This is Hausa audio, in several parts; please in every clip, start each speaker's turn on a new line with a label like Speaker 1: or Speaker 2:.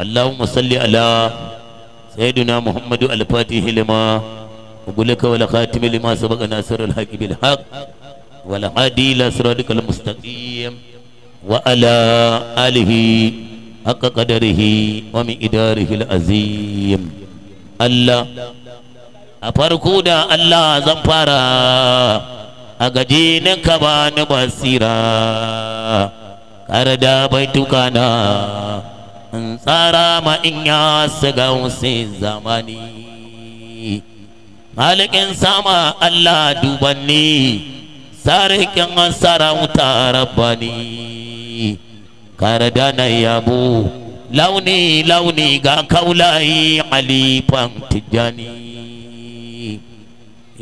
Speaker 1: اللهم صل على سيدنا محمد الفاتح لما وقلك ولا خاتم لما سبق ناصر الحق بالحق ولا هادي الى صراطك المستقيم وعلى اله حق قدره ومن اداره العظيم الله أفرقوا الله زنفارا أجدين كبان بصيرا أردا بيتك in tsara ma in ya siga zamani malikin sama Allah dubanni sarikin sarauta rabbani karda na yabo launi launi ga kaulayi alifan tijani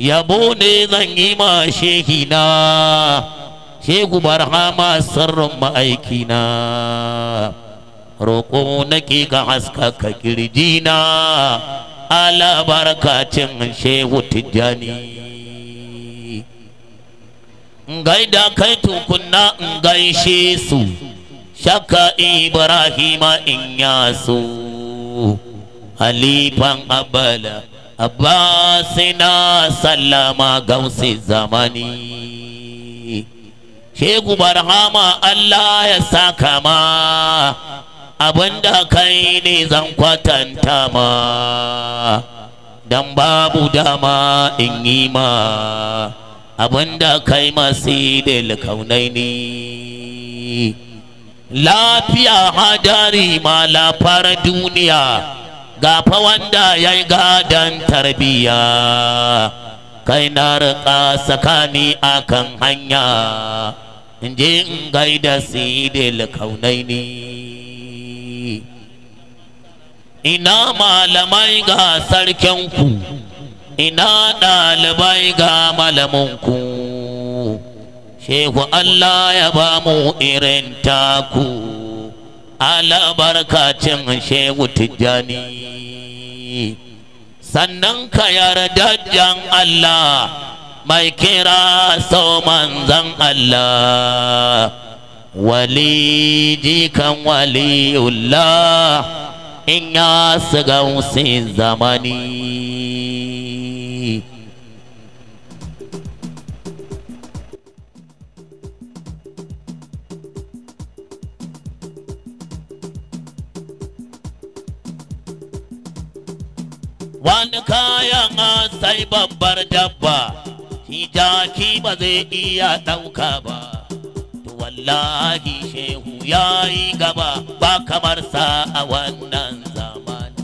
Speaker 1: yabo ne zan yi ma shehina shehu barhama sirrin ma'aikina roƙo nake ka haskaka kirjina ala cin shehu tijjani Ngaida kai tukunna in gaishe su shaka ibrahima in yasu halifan abala abbasina sallama gausi zamani shegu barhama allah ya saka ma abinda kai ne zan kwatanta ma dan babu dama in yi ma abinda kai kaunai ne lafiya hadari ma lafar duniya gafa wanda ya yi gadon tarbiya kai na riƙa tsakani akan hanya in je in gaida kaunai ne. ina malamai ga sarkinku ina ɗalibai ga malamunku shehu Allah ya ba mu irin taku alabarkacin shehu tijjani sannan ka yarda jan Allah mai kira sau manzan Allah wali jikan waliyullah in ya siga usin zamani wani kayan sai babbar dabba ki ba zai iya ɗauka ba lahi shehu ya yi gaba ba kamar sa a wannan zamani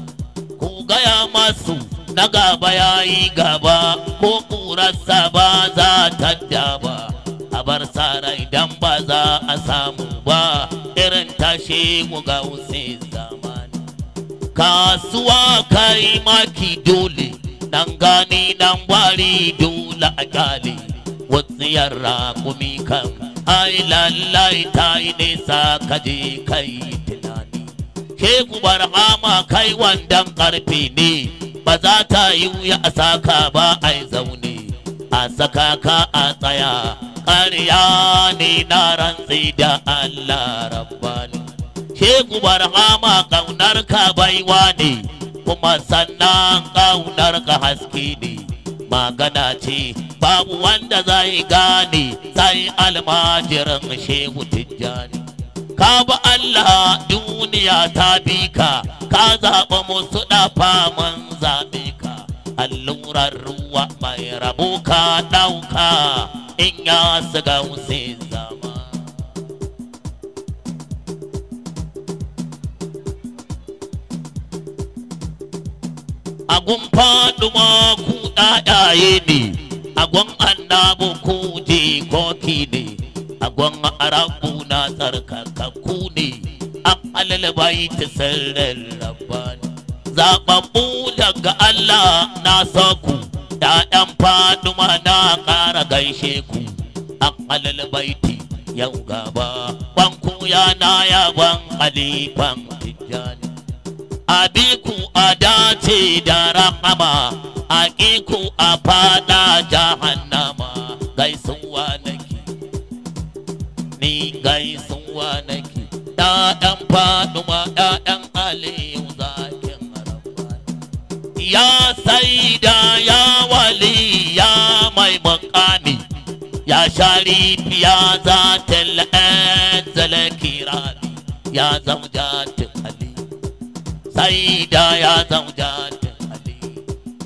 Speaker 1: ku gaya masu na gaba ya yi gaba ko ƙurarsa ba za ta daba a bar sa rai don ba za a samu ba irin tashe ku ga zamani kasuwa kai maki dole nan gani nan bari dole a kyale wasu yarra kumi kan ai lallai ta yi nesa ka je kai tunani ke gubar hama kai wandan karfe ne ba za ta yi wuya a saka ba ai zaune a saka ka a tsaya ƙarya ne na rantsi da Allah rabbani ke gubar hama ƙaunar ka baiwa ne kuma sannan ƙaunar ka haske ne magana ce babu wanda zai gane sai almajirin shehu tijjani ka bi Allah duniya ta bi ka ka zaɓa musu da faman zaɓe ka allurar ruwa mai rabo ka ɗauka in ya su gausin zama agun faduma ku ɗaɗaye ne agum annabu ku je koki ne agon arabu na tsarkakakku ne an alalabai ta sarrar rabani zaɓaɓɓu daga Allah na saku ɗaɗan faduma na ƙara gaishe ku an ti yau gaba ban ya na yawan alifan tijjani abiku a dace da rahama a ƙiku a fada jahannama gaisuwa nake ni gaisuwa nake ɗaɗan faduma ɗaɗan aliyu ya saida ya wali ya mai makami ya sharif ya zatin la'an zalakirani ya zaujatin ali sai da ya zauja da ali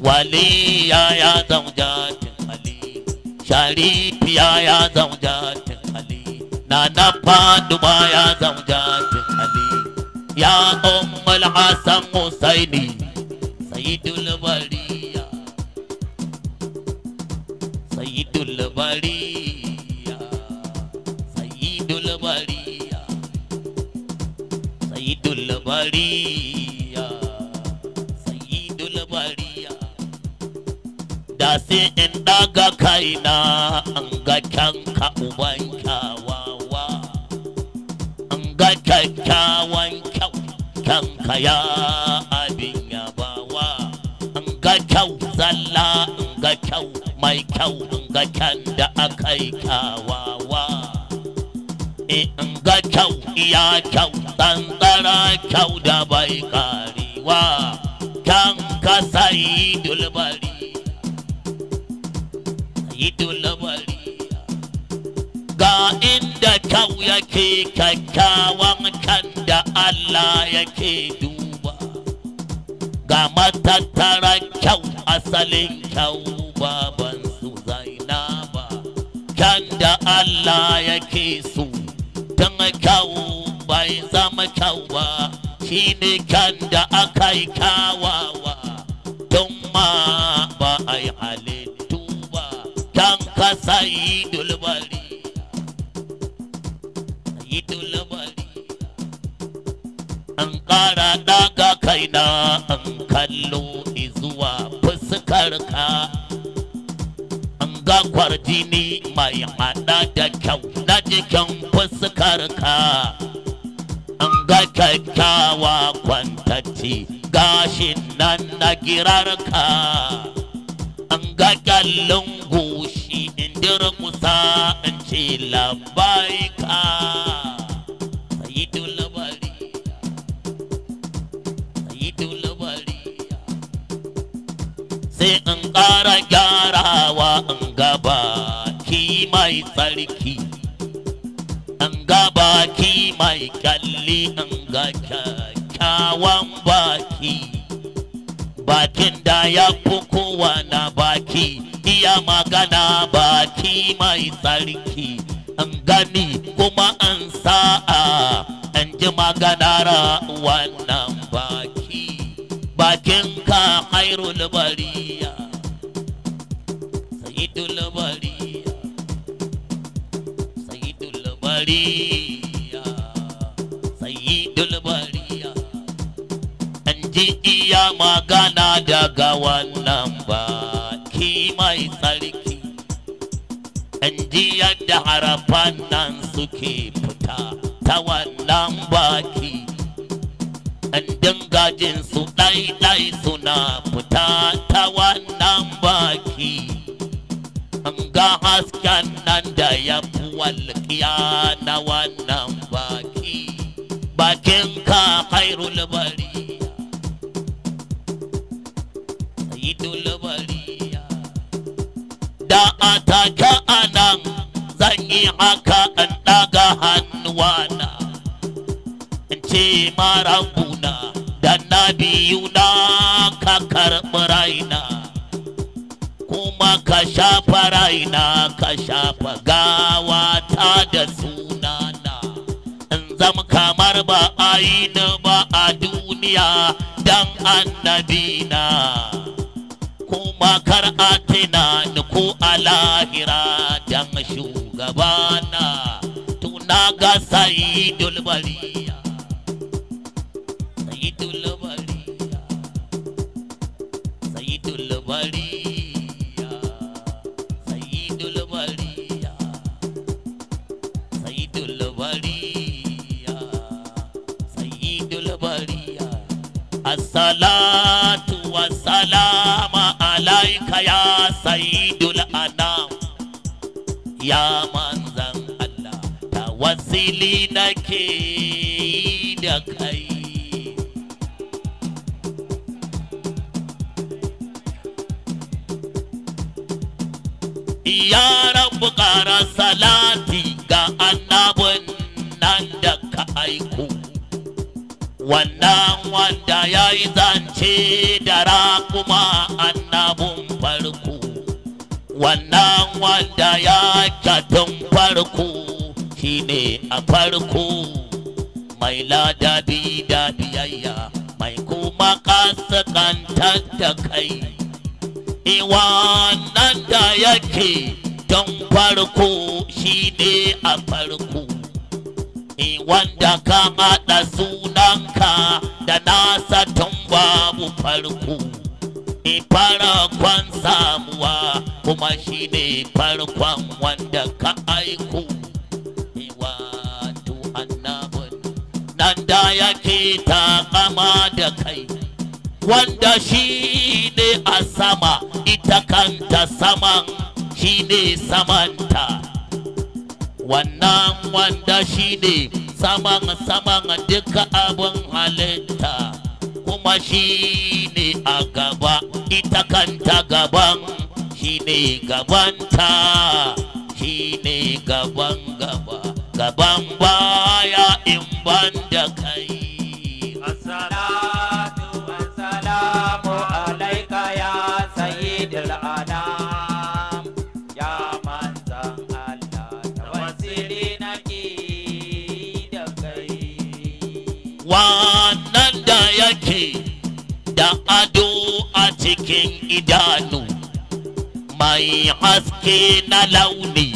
Speaker 1: waliya ya zauja da ali sharifiya ya zauja da ali nana faduma ya zauja da ali ya ummul hasan husaini sayyidul bariya sayyidul bariya sayyidul bariya sayyidul bariya da sai in daga kaina an ga kyanka uban kyawawa an ga kyakkyawan kyau kyanka ya abin yabawa an ga kyau zalla an ga kyau mai kyau an ga kyan da aka yi kyawawa e, an ga kyau iya kyau tsantsara kyau da bai karewa kyan ka sayi dulbari ido lamari ga inda kyau yake kyakkyawan kan da Allah yake duba ga matattara kyau asalin kyau baban su zainaba kan da Allah yake so dan kyau bai zama kyau ba shi kan da aka yi kawawa don ma ba a yi dan kasa sa'idul bari sa'idul bari an kara daga kaina an kallo izuwa fuskar ka an ga kwarjini mai hada da kyau na jikin fuskar ka an ga kyakkyawa kwantacce gashin nan na girar ka an ga kyallon goshi in dira kusa an ce labari ka to labari to labari sai an ƙara gyarawa an gaba ki mai tsarki an gaba ki mai kyalli an ga kyakkyawan baki bakin da ya fi na baki iya magana baki mai tsarki an gani kuma an sa'a an ji maganar wannan baki bakin ka hairul bariya sayidul bariya ji iya magana daga wannan baki mai tsarki in ji yadda harafan nan suke fita ta wannan baki in dinga jin su ɗai-ɗai suna fita ta wannan baki an ga hasken nan da ya fi walƙiya na wannan baki bakin ka hairul bari tulbariya da ataka anan zan yi haka an daga hannuwana in ce marabuna da na biyu na ka karɓi raina kuma ka shafa raina ka shafa gawata da sunana in zama kamar ba aini ba a duniya dan annabina. kuma kar a tunani ko a lahira dan shugabana tuna ga sa'idul bariya sa'idul bariya sa'idul bariya sa'idul bariya sa'idul bariya sa'idul bariya as-salatu wasalama alaika ya sayidul adam ya manzan Allah tawassili nake da kai ya rabu kara salati ga annabin nan da ka aiko wannan wanda ya yi zance da kuma annabin farko wannan wanda ya kyatun farko ne a farko mai ladabi da biyayya mai kuma kasakantar da kai iwanan e da yake don farko shine a farko e wanda ka maɗa sunanka da nasa tun babu farko e farakon samuwa kuma shi ne farkon wanda ka aiko e wato annabin nan da yake ta kama da kai wanda shi ne a sama ita kanta saman shi ne samanta wannan wanda shi ne saman saman duka abin halitta kuma shi ne a gaba ita kanta gaban shi ne gabanta shi ne gaban gaba gaban baya in ban da kai assalamu alaikum ya sayyidul alamin da yake da ado a cikin idanu mai haske na launi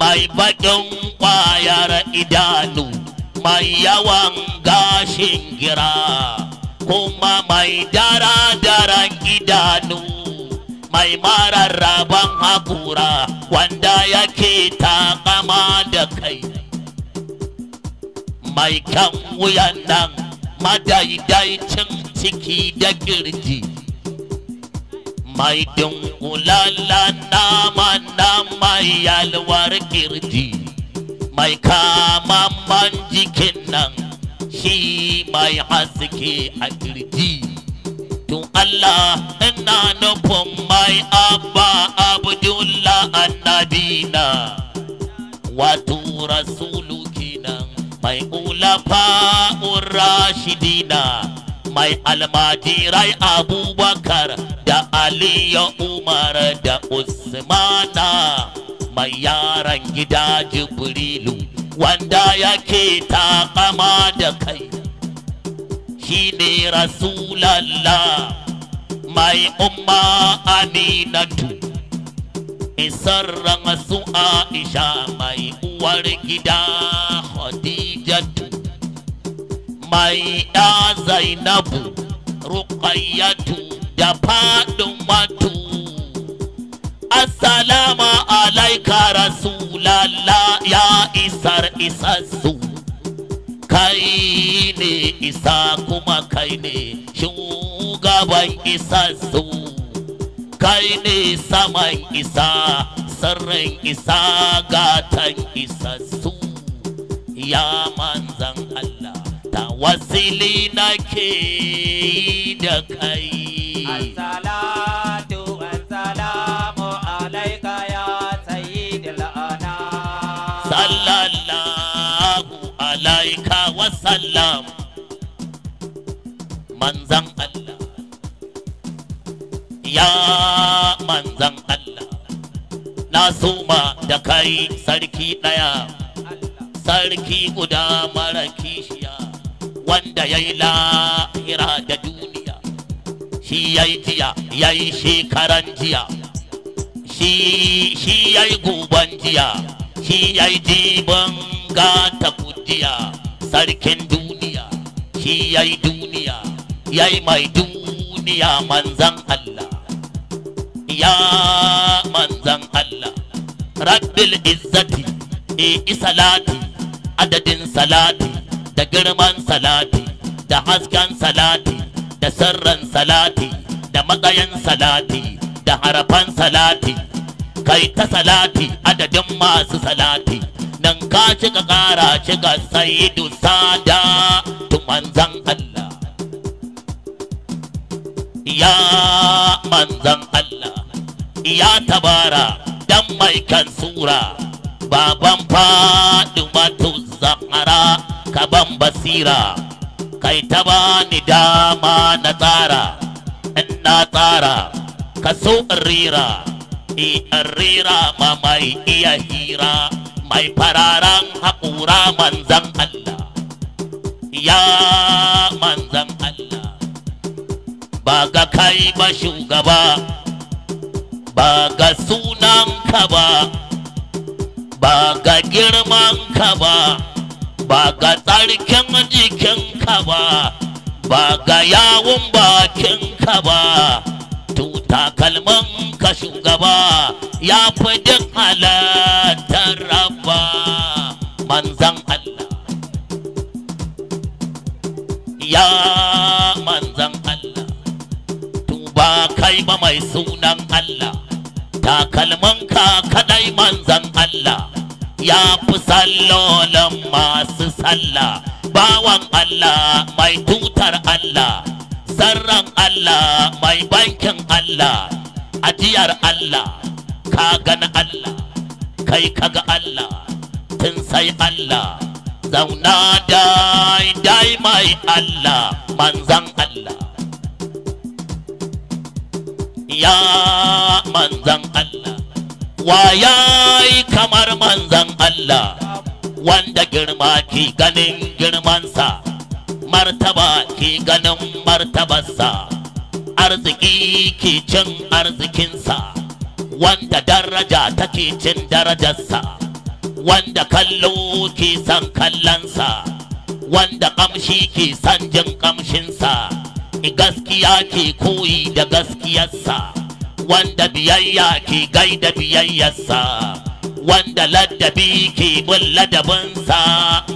Speaker 1: mai baƙin ƙwayar idanu mai yawan gashin gira kuma mai dara idanu mai mararraban hakura wanda yake takama da kai mai kyan wuyan nan madaidaicin ciki da kirji mai dunkulala nama na mai yalwar kirji mai man jikin nan shi mai haske a kirji to Allah ina nufin mai abba abdullahi annabina wato rasulu mai ulafa rashidina mai almajirai abubakar da aliyu umar da usmana mai yaran gida jibrilu wanda yake kama da kai shine rasulallah mai umma aminatu isar su aisha mai uwar gida khadija hujjatu mai ya zainabu ruƙayyatu da faɗin matu assalamu alaika rasulallah ya isar isassu kai ne isa kuma kai ne shugaban isassu kai ne saman isa sirrin isa gatan isassu ya manzan Allah ta wasili nake da kai assalatu wassalamu alaika ya sayyidil anam alaika manzan Allah ya manzan Allah na suma da kai sarki ɗaya sarki guda mara kishiya wanda ya yi lahira da duniya shi ya yi jiya ya yi shekaran jiya shi ya yi guban jiya shi ya yi jiban gata jiya. sarkin duniya shi ya yi duniya ya yi mai duniya manzan Allah ya manzan Allah rabbil izzati e isalati adadin salati da girman salati da hasken salati da sirran salati da matsayin salati da harafan salati kai ta salati adadin masu salati nan ka cika ƙara cika saidu sada tu manzan Allah ya manzan Allah ya tabara dan mai kan sura baban faɗi matu zakara ka ban basira kai ta bani dama na tsara in na tsara ka so rira in rira ma mai iya hira mai fararen haƙura manzan Allah ya manzan Allah ba ga kai ba shugaba ba ga sunan ka ba ba ga girman ka ba ba ga tsarkin jikin ka ba ba ga yawon bakin ka ba tuta kalman ka shugaba ya fi duk halattar rabba manzan Allah ya manzan Allah tuba kai ba mai sunan Allah takalmanka kadai manzan Allah ya fi sallolan masu sallah bawan Allah mai tutar Allah zarran Allah mai bankin Allah ajiyar Allah ka gani Allah kai kaga Allah tun sai Allah zauna dai dai mai Allah manzan Allah ya manzan Allah wa yayi kamar manzan Allah wanda girma ke ganin girmansa martaba ke ganin martabarsa arziki ke cin arzikinsa wanda daraja take cin darajarsa wanda kallo ke san kallonsa wanda kamshi ke san jin ƙamshinsa gaskiya ke koyi da gaskiyarsa wanda biyayya ke gaida biyayyarsa wanda ladabi ke bin ladabinsa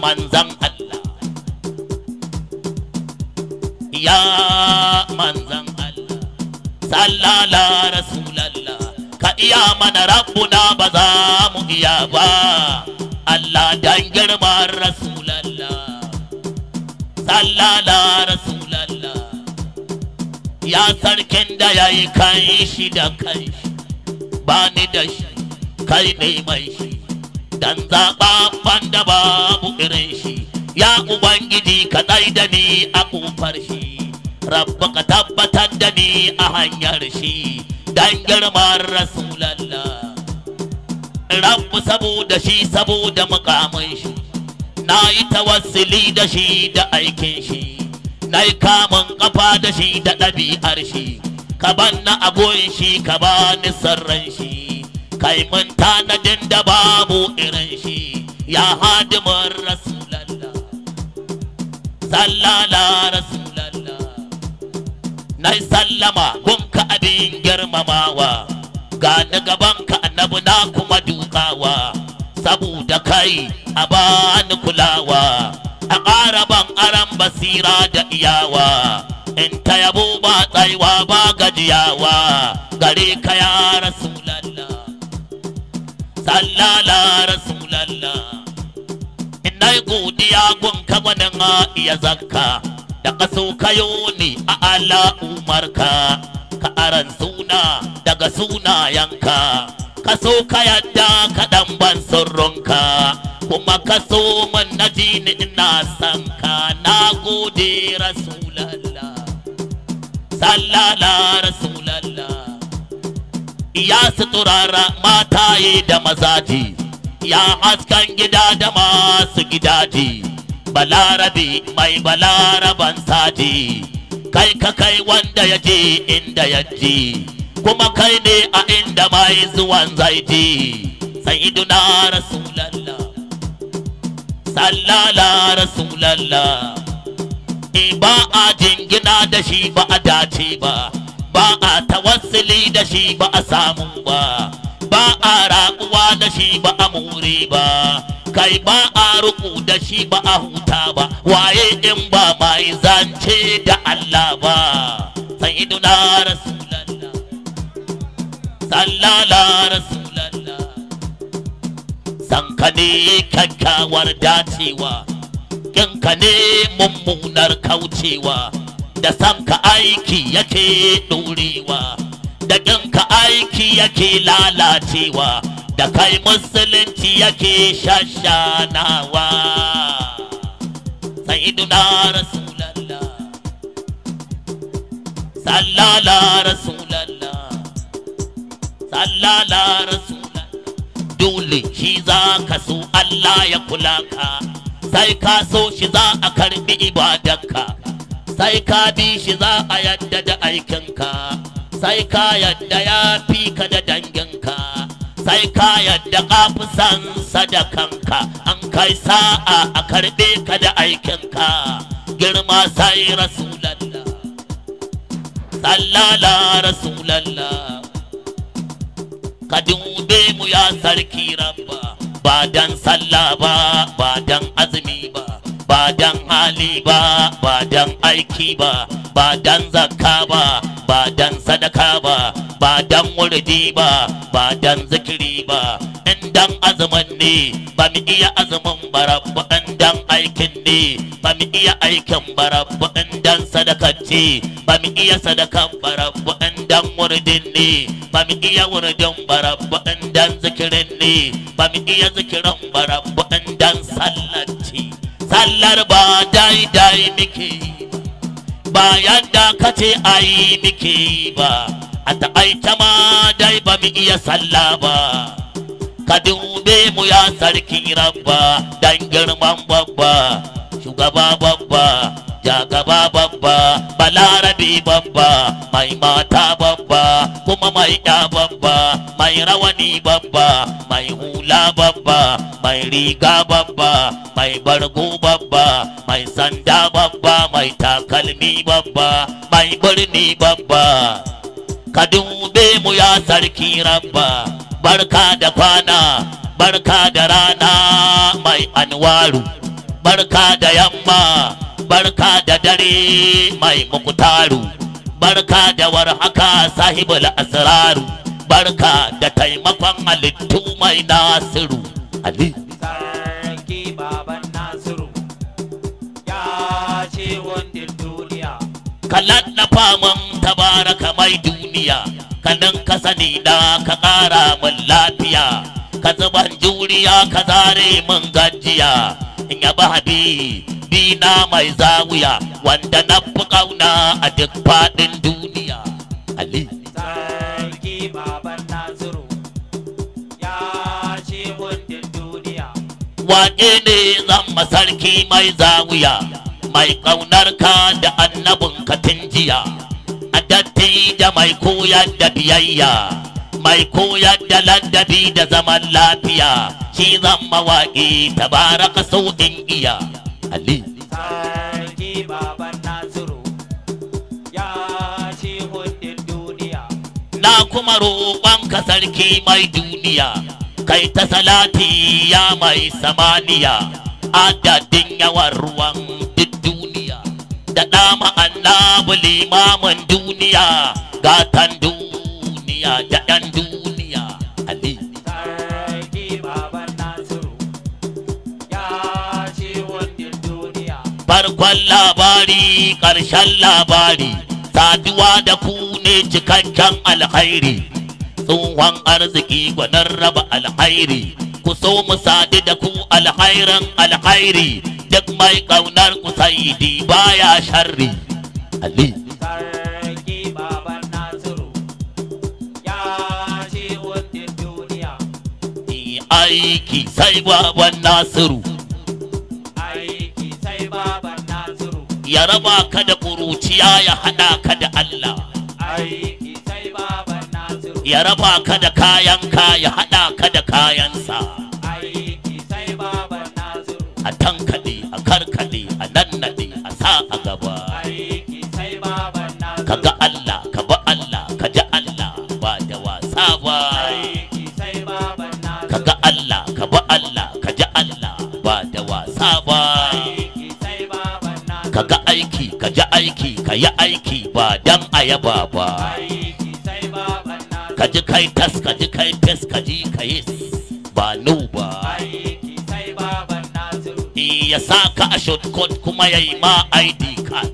Speaker 1: manzan Allah ya manzan Allah sallala rasulallah ka iya mana rabbuna ba za mu iya ba Allah dan girman rasulallah sallala rasulallah ya sarkin da ya yi kayi shi da kai ba ni da shi kai ne mai shi dan zaɓaɓɓen da babu irin shi ya ubangiji ka tsai da ni a ƙofar shi rabba ka tabbatar da ni a hanyar shi dan girman rasulallah rabu saboda shi saboda makamai shi na yi tawassili da shi da aikin shi dai kamun kafa da shi da ɗabi'ar shi ka banna aboyin shi ka bani sarran shi kai mun tanadin da babu irin shi ya hadimin rasulallah sallala rasulallah na sallama gunka abin girmamawa ga gaban gabanka annabi na kuma dukawa saboda kai a bani kulawa a ƙaraban aran basira da iyawa in ta yabo ba tsaiwa ba gajiyawa gare ka ya rasulallah sallala rasulallah ina yi godiya gun ka gwanin iya zakka da kaso kayo ne a ala umarka ka aran suna daga sunayenka ka so ka yadda kaɗan ban ronka kuma kaso so man na dini ina san ka na gode rasulallah sallala rasulallah ya suturara mataye da mazaji ya askan gida da masu gidaji balarabe mai balaraban saji kai ka kai wanda ya je inda ya je kuma kai ne a inda mai zuwan zaiti sayyiduna rasulallah sallala rasulallah e ba a jingina da shi ba a dace ba ba a tawassuli da shi ba a samu ba ba a raƙuwa da shi ba a more ba kai ba a ruku da shi ba a huta ba waye in ba mai zance da Allah ba sayyiduna rasul sallala rasulallah sanka ne kyakkyawar dacewa kinka ne mummunar kaucewa da ka aiki yake ɗorewa da kinka aiki yake lalacewa da kai musulunci yake shashanawa sayyiduna rasulallah sallala rasulallah sallala rasula dole shi za ka so Allah ya kula ka sai ka so shi za a karbi ka. sai ka bi shi za a yadda da aikinka sai ka yadda ya fi ka da danginka sai ka yadda kafi san sadakanka an kai sa'a a karbe ka da aikinka girma sai rasulallah sallala rasulallah ka dube mu ya sarki rabba ba dan sallah ba ba dan azumi ba ba dan hali ba ba dan aiki ba ba dan zakka ba ba dan sadaka ba ba dan wurdi ba ba dan zikiri ba in dan azumin ne ba mu iya azumin barabba dan aikin ne ba mu iya aikin barabba dan sadakanci ba mu iya sadakan barabba dan wurdin ne ba mu iya wurdin barabba dan zikirin ne ba mu iya zikirin barabba dan sallaci sallar ba dai dai miki bayan yadda ka ce yi miki ba a ta'aita ma dai ba mu iya sallah ba ka dube mu ya sarki rabba dan girman babba shugaba babba jagaba babba balarabi babba mai mata babba kuma mai ya babba mai rawani babba mai hula babba mai riga babba mai bargo babba mai sanda babba mai takalmi babba mai birni babba ka dube mu ya sarki rabba barka da kwana barka da rana mai anwaru barka da yamma barka da dare mai mukutaru barka da warhaka sahibul asraru barka da taimakon halittu mai nasiru ali sarki baban nasiru ya ce wanda duniya na faman tabaraka mai duniya kadan ka sani da ka ƙara min lafiya ka zuban juriya ka zare min gajiya in yaba habibi na mai zawiya wanda na fi ƙauna a duk faɗin duniya ali sarki ya wane ne zan masarki mai zawiya mai ƙaunarka da annabin katin jiya a da mai koyar da biyayya mai koyar da ladabi da zaman lafiya shi zan mawaƙi tabaraka sau in iya ali na kuma ka sarki mai duniya kai ta salati ya mai samaniya adadin yawan ruwan da ɗama annabu limamin duniya gatan duniya da ɗan duniya ali farkon labari ƙarshen labari saduwa da ku ne cikakken alhairi tsohon arziki gwanar raba alhairi ku so mu sadu da ku alhairan alhairi duk mai kaunar ku kusaidi baya sharri ali nasiru ya duniya aiki sai baban nasiru aiki sai baban nasiru ya raba ka da kuruciya ya haɗa ka da allah aiki sai baban nasiru ya raba ka da kayan ka ya haɗa ka da kayansa aiki sai baban nasiru a tanka dan a ba ka ji kai tas ka ji kai fes ka ji ka yi ba nau ba ya sa ka a shortcut kuma ya yi ma id card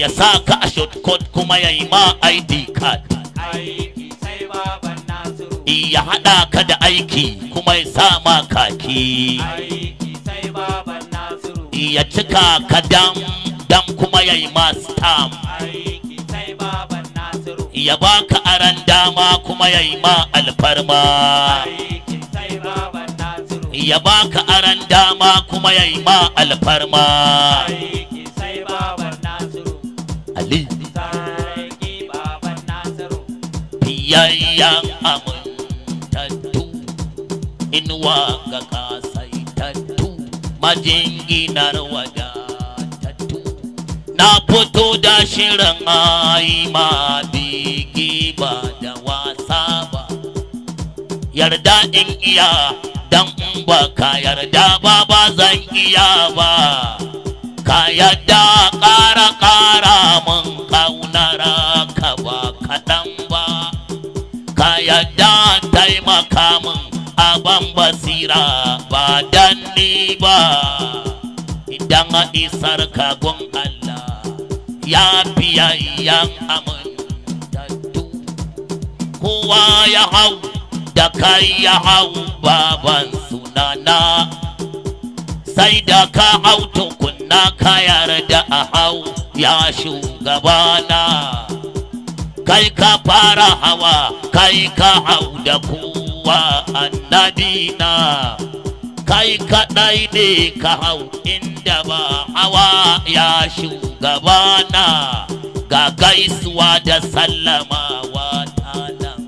Speaker 1: ya sa ka a shortcut kuma ya yi ma id card ya haɗa ka da aiki kuma ya sa ma kaki ya cika ka dam dan kuma ya yi mastam ya ka aran dama kuma ya yi ma alfarma ya ka aran dama kuma ya yi ma alfarma ali biyayyen amintattu inuwa ga kasaitattu majinginar wajen na fito da shirin ai biki ba da wasa ba yarda in iya dan in ba ka yarda ba ba zan iya ba ka yarda ƙara ƙara mun ƙaunar ka ba kaɗan ba ka yarda taimaka mun ban basira ba dan ba idan a isar ka gun Allah ya da tu kowa ya hau da kai ya hau baban sunana sai da ka hau tukunna ka yarda a hau ya shugabana kai ka fara hawa kai ka hau da kowa annabina kai kaɗai ne ka hau inda ba hawa ya shugabana ga gaisuwa da sallamawa talan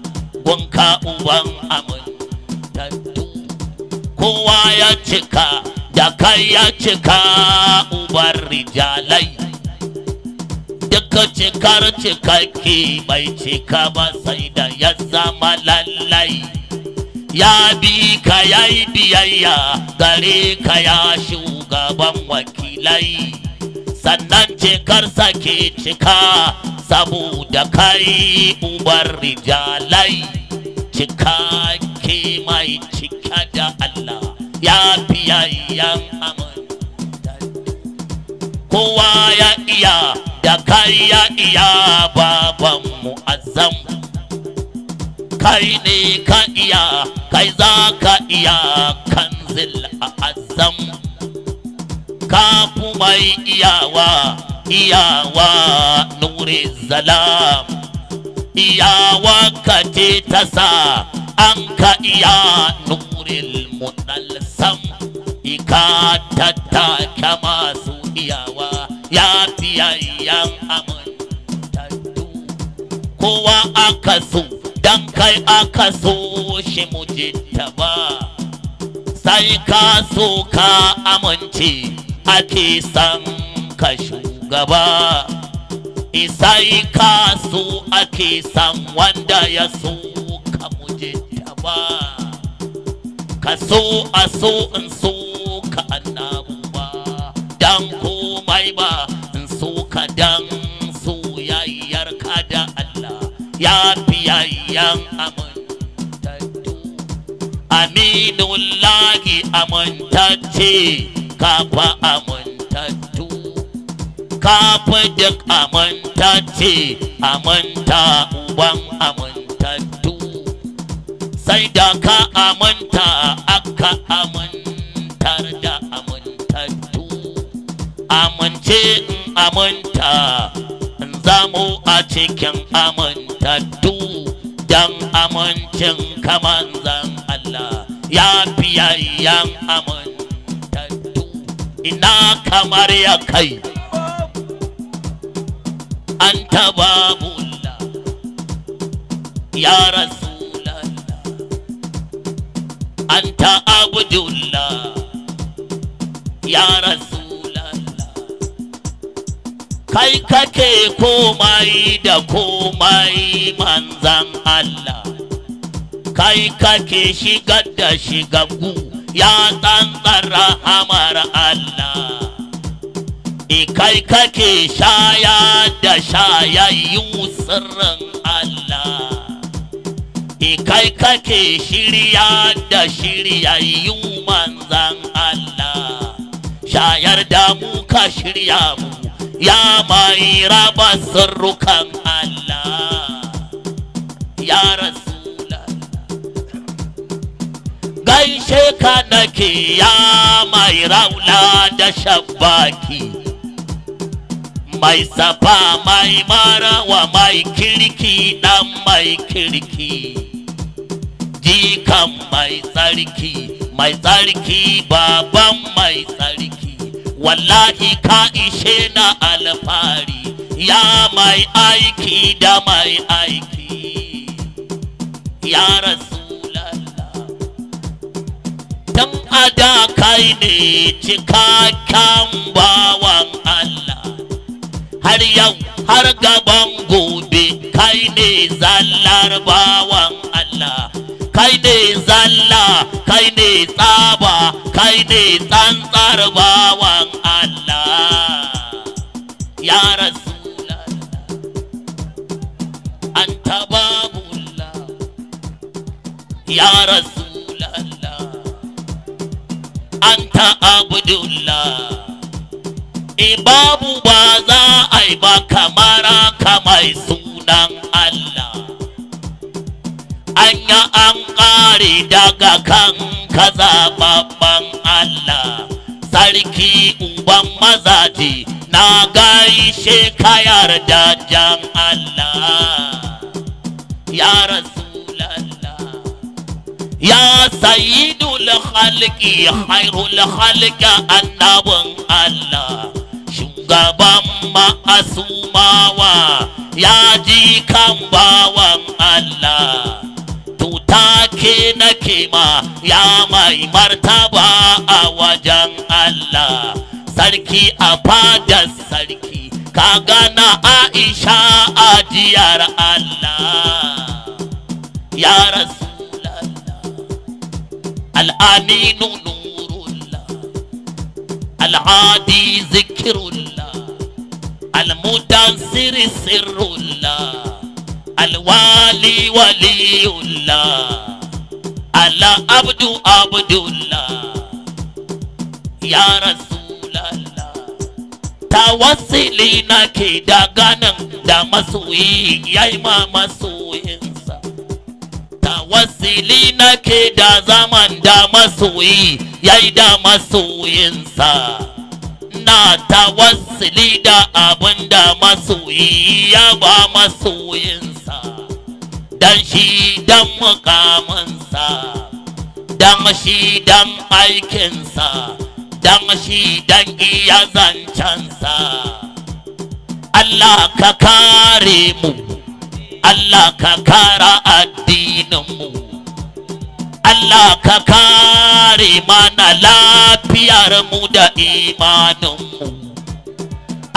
Speaker 1: gunka uban amintattu kowa ya cika da kai ya cika uban rijalai duka cikar cikakke bai cika ba sai da ya zama lallai ya bi ka ya yi biyayya gare ka ya shugaban wakilai sannan cikarsa ke cika saboda kai ubar rijalai cika ke mai cika da Allah ya biyayyan amin kowa ya iya da kai ya iya baban mu'azzam kai ne ka iya kai za ka iya kanzil a azam Ka fi mai iyawa iyawa nuri zalam iyawa ka ce ta sa an ka iya nuril sam? ika kama su iyawa ya biyayyan amintattu kowa aka su dan kai aka so shi ba sai ka so ka amince ake san ka shugaba isai ka so ake san wanda ya so ka ba ka so a so in so ka annabu ba dan komai ba in so ka dan ya biyayyan amintattun aminullahi amintacce kafa amintattu kafa duk amintacce aminta uban amintattu sai da ka aminta aka amintar da amintattu amince in aminta zamu a cikin amintattu don amincin zan Allah ya biyayyan amintattu ina kamar ya kai an taba bula ya rasulallah an ta abdullah ya rasu kai kake komai da komai manzan Allah kai kake shigar da shigaggu ya tsantsar rahamar Allah e kai kake shaya da shayayyu sirrin Allah e kai kake shirya da shiryayyu manzan Allah shayar da mu ka shirya mu ya mai raba Allah ya rasula gaishe ka nake ya mai raula da shabaki mai safa mai marawa mai kirki dan mai kirki jikan mai tsarki mai tsarki baban mai tsarki wallahi ka ishe na alfari ya mai aiki da mai aiki ya rasulallah dan ada kai ne cikakken bawan Allah har yau har gaban gobe kai ne zallar bawan Allah kai ne zalla kai ne tsaba kai ne tsantsar bawan Allah ya rasulallah an tababullah ya rasulallah anta abdullah ibabu baza za a yi ba kamara kamai sunan Allah anya an ƙare daga kan kaza babban Allah sarki uban mazaje na gaishe ka yarda jan Allah ya rasulallah ya sayidul khalqi khairul khalqi annabun Allah shugaban ma'asumawa ya ji kan bawan Allah take nake ma ya mai martaba a wajen Allah sarki a fadar sarki ka gana Aisha ajiyar Allah ya Rasulallah al'aminu nurullah al'adi zikirullah al-mudansiri sirrullah alwali waliyullah ala abdu abdullah ya rasulallah tawassili nake da ganin da masoyi yi ma masoyinsa tawassili nake da zaman da masoyi yayi da masoyinsa na tawassili da abin da masoyi ya ba masoyinsa sa dan shi dan mukaminsa dan shi dan aikinsa dan shi dan iya zancensa Allah ka kare mu Allah ka kara mu. Allah ka kare mana lafiyar mu da imanin mu.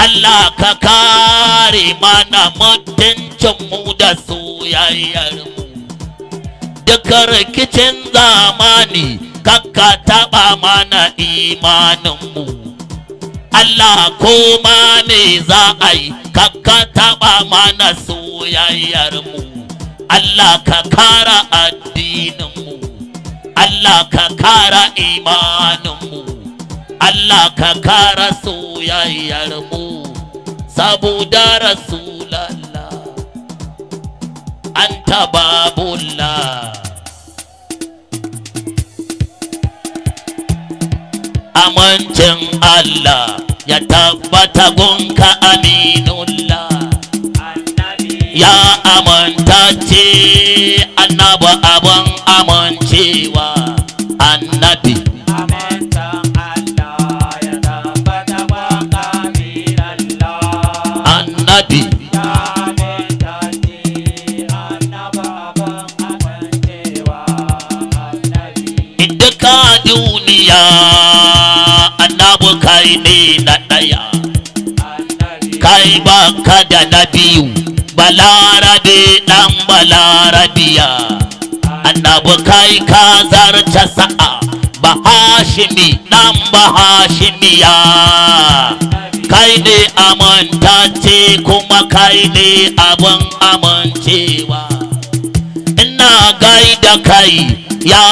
Speaker 1: Allah ka kare mana mu da soyayyar mu duka rikicin zamani kakka taɓa mana imanin mu Allah koma me za a yi kakka taɓa mana soyayyar mu Allah ka kara addinin mu Allah ka kara imanin mu. Allah ka kara soyayyar mu saboda rasulallah anta babullah amincin Allah ya tabbata gunka aminullah ya amintace annabi abin amincewa annabi daɗi duniya annabu kai ne na ɗaya kai ba ka da na biyu balarabe ɗan balarabiya annabu kai ka zarta sa'a bahashimi ɗan bahashimiya kai ne amintacce kuma kai ne abin amincewa ina gaida kai ya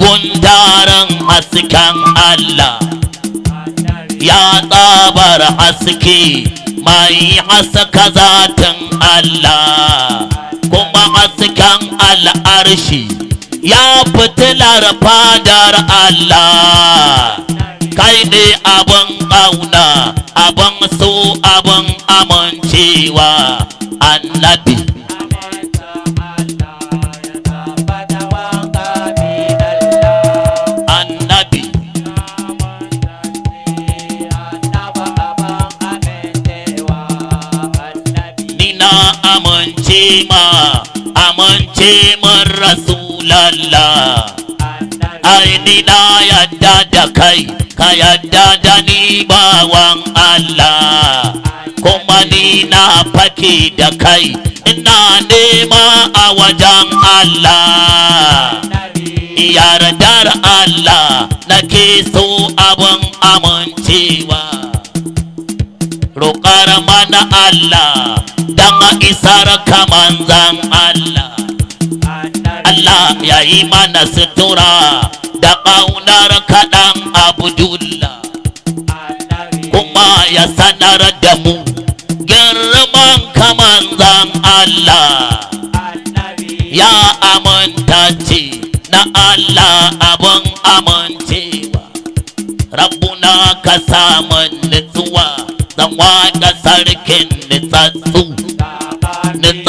Speaker 1: gundaran hasken Allah ya tsabar haske mai haska zatin Allah kuma hasken al'arshi ya fitilar fadar Allah kai ne abin ƙauna abin so abin amincewa annabi amince ma amince man rasulallah ai ni na yadda da kai ka yadda da ni bawan Allah kuma ni na faki da kai ina nema a wajen Allah yardar Allah nake so abin amincewa roƙar mana Allah don isar kamanzan Allah Allah ya yi mana sutura da ƙaunar kaɗan Abdullah kuma ya sanar da mu girman zan Allah ya ce na Allah abin amincewa rabbuna ka samun nutsuwa zan waka sarkin nutsatsu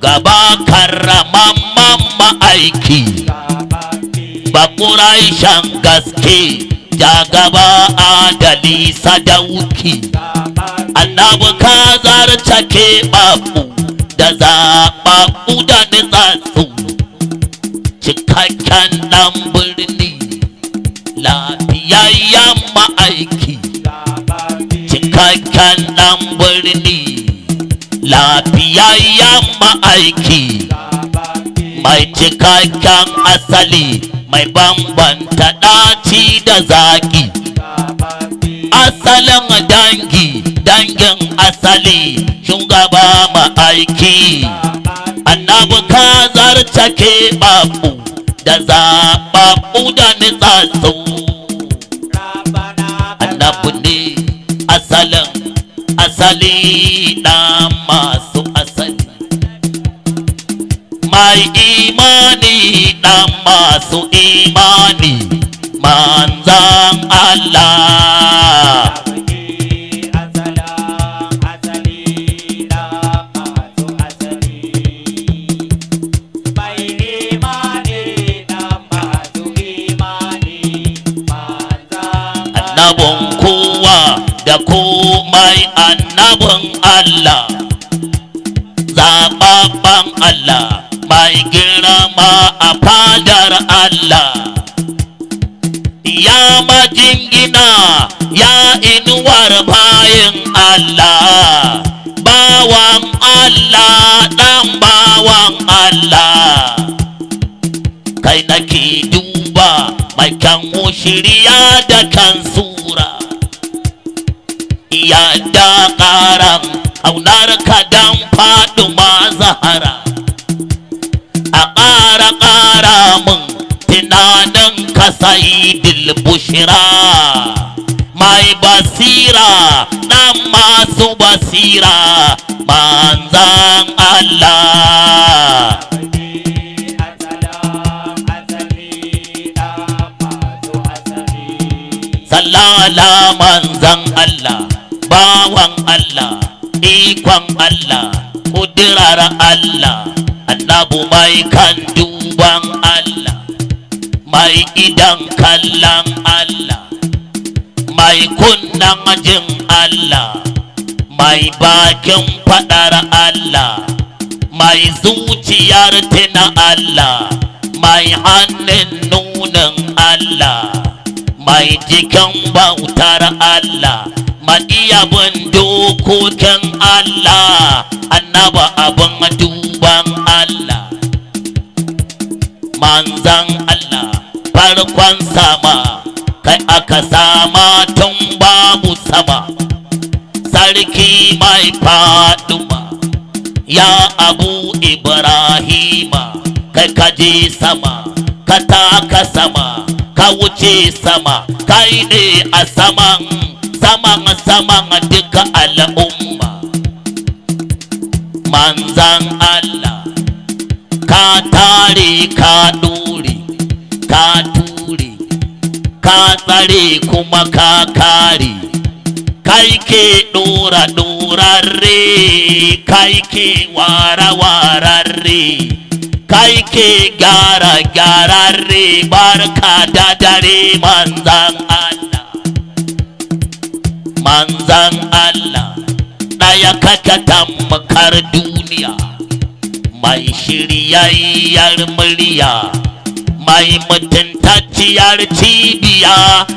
Speaker 1: Gaba shugaba karamamman ma'aiki bakuraishan gaske gaba adali sadauki annabu kazar cake ke babu da zaɓaɓɓu da nitsatsu cikakken ɗan birni lafiyayyen ma'aiki cikakken ɗan birni lafiyayyen ma'aiki mai cikakken asali mai bambanta ɗaci da zaki asalin dangi dangin asali shugaba ma'aiki annabu ka zarce ke babu da zaɓaɓɓu da nitsatsu annabu ne asalin asali da masu asali mai imani da masu imani manzan Allah Annabin kowa da kowa ai annabin Allah zababban Allah mai girma a fadar Allah ya majingina ya inuwar bayan Allah bawan Allah ɗan bawan Allah kai nake duba mai kan shirya da kan sura ya da ƙara aunar ka dan faɗi ma zahara a ƙara ƙara mun tunanin ka sai bushira mai basira na masu basira manzan Allah Sallala manzan Allah bawan Allah ikon Allah kudirar Allah annabu mai kan duban Allah mai idan kallon Allah mai kunnan jin Allah mai bakin fadar Allah mai zuciyar tina Allah mai hannun nunin Allah mai jikin bautar Allah matsiya bin dokokin Allah annaba abin duban Allah manzan Allah farkon sama kai aka sama tun babu sama sarki mai faduma ya abu ibrahima kai kaje sama ka sama ka wuce sama kai ne a saman sama sama duka al'umma manzan Allah ka tare ka dure ka turi ka tsare kuma ka kare kaike ke wara wararre kaike ke gara re barka da dare ala. manzan Allah ɗaya kaka tamkar duniya mai shiryayyar murya mai mutuntacciyar cibiya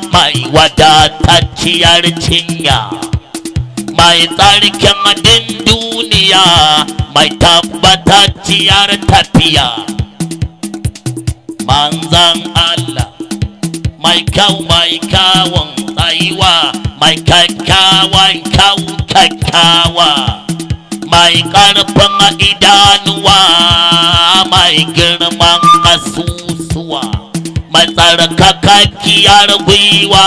Speaker 1: mai wadatacciyar cinya mai tsarkin din duniya mai tabbatacciyar tafiya manzan Allah mai kyau mai kawon taiwa mai kyakkyawan kyau mai ƙarfin idanuwa mai girman asusuwa mai tsarkakakkiyar gwiwa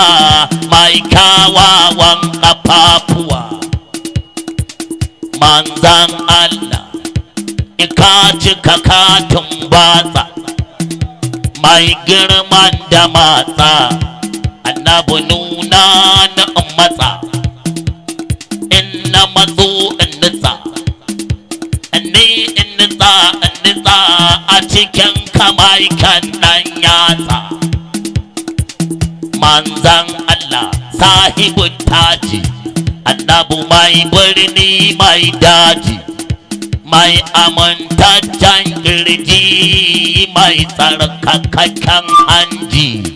Speaker 1: mai kyawawan kafafuwa manzan Allah ika cika katin batsa mai girman da matsa annabu nuna na matsa in na matso in nutsa ni a cikin kamar kan yatsa manzan Allah sahibu taji annabu mai birni mai daji mai amintaccen kirji mai tsarkakakken hanji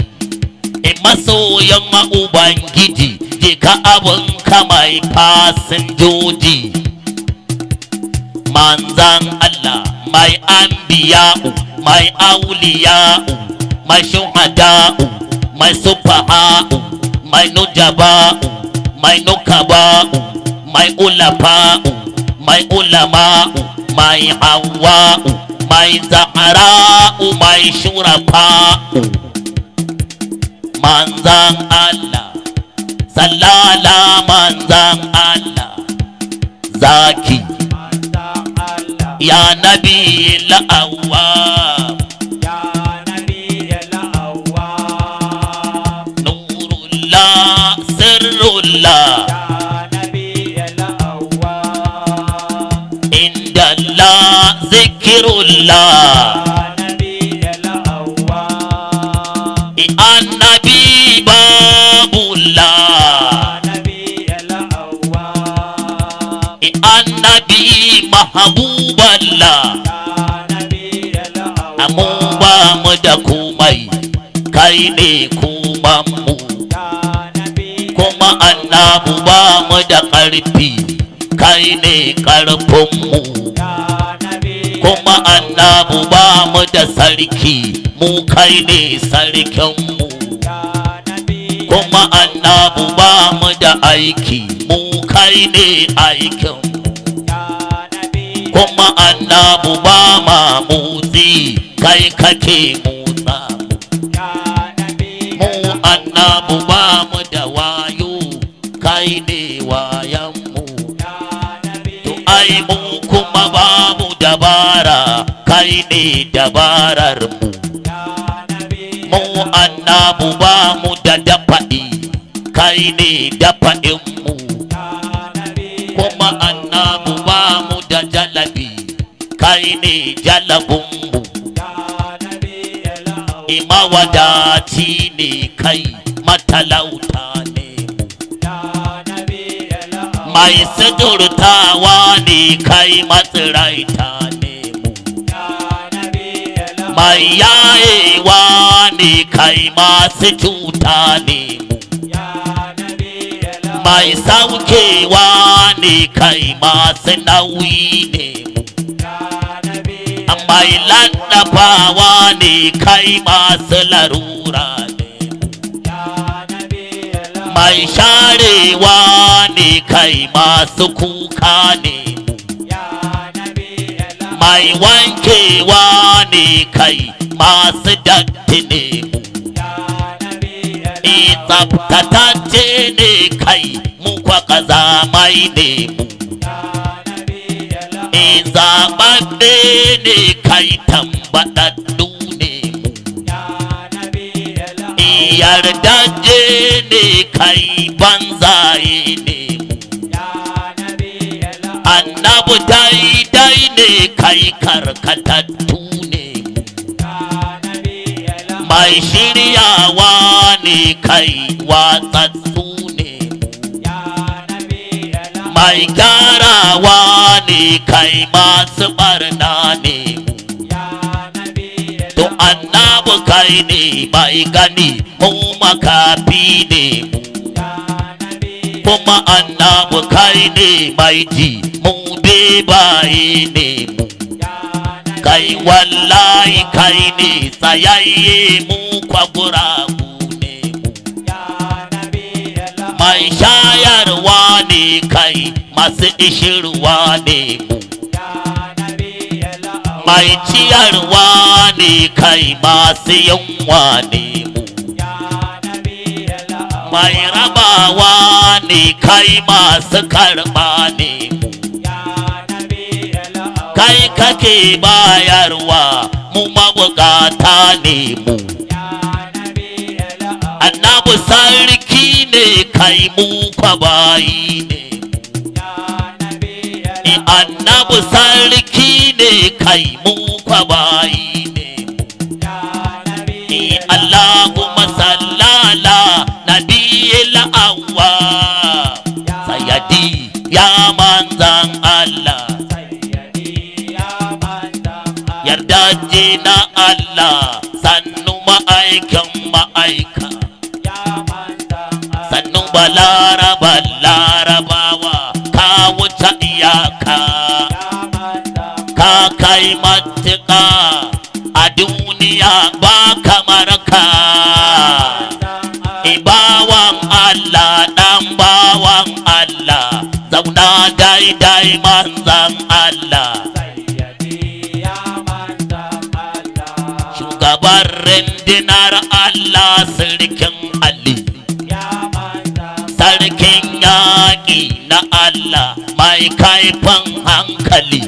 Speaker 1: masoyan ubangiji je ka abin mai fasinjoji manzan Allah mai anbiya'u mai auliya'u mai shuhada'u mai sufaha'u mai nujaba'u mai nukaba'u mai ulafa'u mai ulama'u mai hawa'u mai zahara'u mai shurafa'u manzang Allah Salala manzang Allah zaki ya nabi la'awwa ya Allah. Anabi mababula, anabi mahabubula, kuma anabi maha bula kai mu, kuma anabi maha bula kai ne kuma mu, kuma anabi maha mu, kai ne kuma mu. kuma annabu ba mu da aiki mu kai ne aikin kuma annabu ba ma mutsi kai kake mutsa mu annabu ba mu da wayo kai ne wayan mu to ai mu kuma babu dabara kai ne dabarar mu mu annabu ba mu da kai ne dafa'in mu kuma annabu ba mu da jalabi kai ne jalabin mu imawadati ne kai matalauta ne mu mai sadurtawa ne kai matsiraita ne mu mai yayewa ne kai masu cuta ne mu mai saukewa ne kai masu nauyi ne mai landafawa ne kai masu larura ne mai sharewa ne kai masu kuka ne mai wankewa ne kai masu datti ne ne tsabtatacce ne kai mu kwa kazamai ne mu e zaɓaɓɓe ne kai tambaɗaɗɗu ne mu e ne kai banzaye ne mu annabu daidai ne kai karkatattu mai shiryawa ne kai watsattu ne mai gyarawa ne kai masu barna ne to annabu kai ne mai gani mu makafi ne kuma annabu kai ne mai ji mu bebaye ne mu kai wallahi kai ne tsayayye mu kwagura mu ne mu mai shayarwa ne kai masu ishirwa ne mu mai ciyarwa ne kai masu yunwa ne mu mai rabawa ne kai masu karɓa ne mu kai kake bayarwa mu mabukata ne mu annabu sarki ne kai mu bayi ne annabu sarki ne kai mu bayi ne Allahumma na nabiyil awwa sayadi ya manzan Allah yarda ji na Allah sannu ma'aikan ma'aika sannu balaraba bawa ka wuce iyaka ka kai matuƙa a duniya ba kamar ka ibawan Allah ɗan bawan Allah zauna daidai manzan Allah gabar dinar Allah sarkin Ali sarkin yaƙi na Allah mai kaifin hankali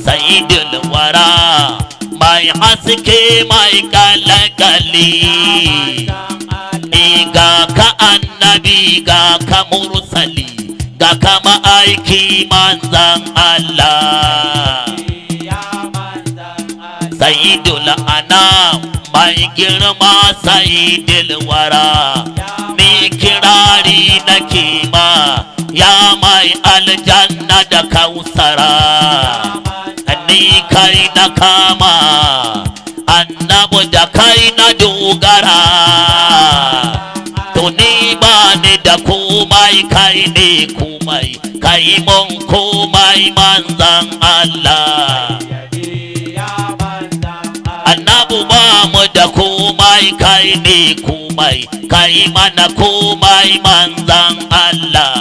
Speaker 1: sa'idul wara mai haske mai kalakali, ga ka annabi ga ka mursali ga ka ma'aiki manzan Allah saidul ana mai girma saidul wara ni kirari na ma ya mai aljanna da kausara ni kai na kama annabu da kai na dogara to ni ba ni da komai kai ne komai kai mun komai manzan Allah babu ba mu da komai kai ne komai kai mana komai manzan Allah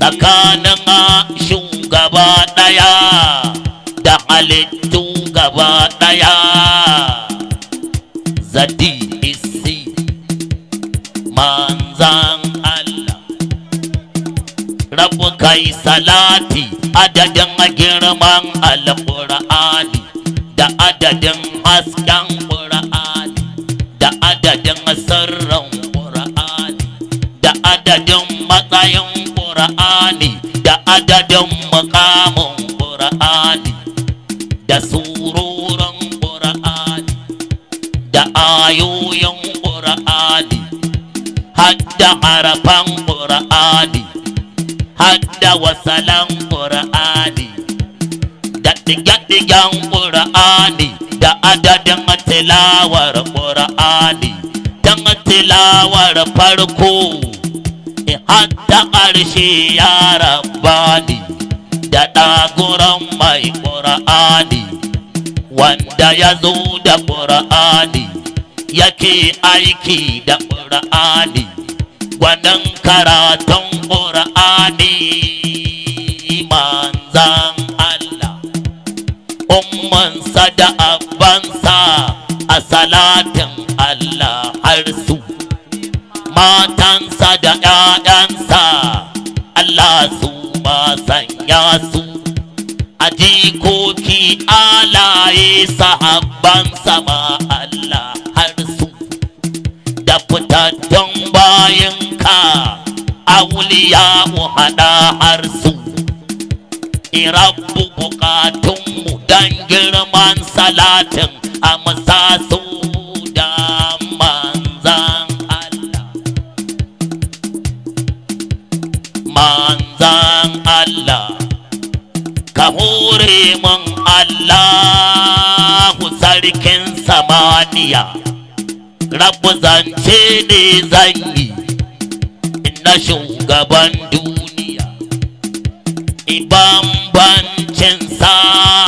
Speaker 1: tsakanin shugaba daya da halittu gaba daya zadi isi manzan Allah rabu kai salati adadin girman alƙur'ani da adadin hasken ƙura'ani da adadin sirrin ƙura'ani da adadin matsayin ƙura'ani da adadin mukamin ƙura'ani da sururin ƙura'ani da ayoyin ƙura'ani hadda harafan ƙura'ani hadda wasalan ƙura'ani diga-digan ƙura'ani da adadin tilawar qurani don tilawar farko eh, hadda ƙarshe ya rabani da ɗaguran mai Al-Qur'ani wanda ya zo da ƙura'ani yake aiki da Al-Qur'ani gwanin karatun ƙura'ani manzan ummansa da abansa a salatin Allah har su matansa da ‘ya'yansa Allah su ma sanya su a jikoki alaye sahabbansa ma Allah har su da fitattun bayanka auliya mu haɗa har su irabbu bukatun dan girman salatin a masasu da manzan Allah manzan Allah ka hore mun Allah sarkin samaniya rabu zance ne zanyi na shugaban duniya ibambancin sa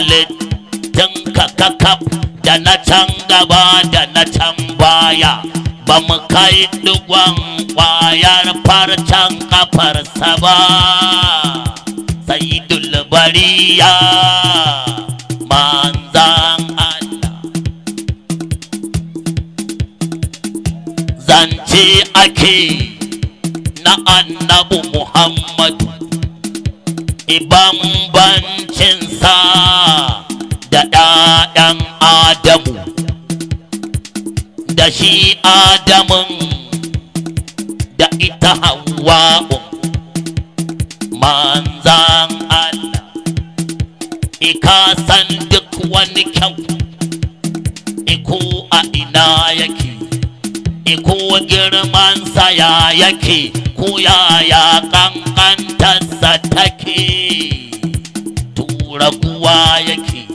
Speaker 1: halittin ka kakaf da na can gaba da na can baya ba mu kai dugon kwayar farcen kafarsa ba sai dulbariya manzan Allah zance ake na annabu Muhammadu iban mahaliccinsa da ɗaɗan adamu da shi adamun da ita hawa'un manzan Allah ika san duk wani kyau iko a ina yake iko girmansa ya yake ko yaya ƙanƙantarsa take raguwa yake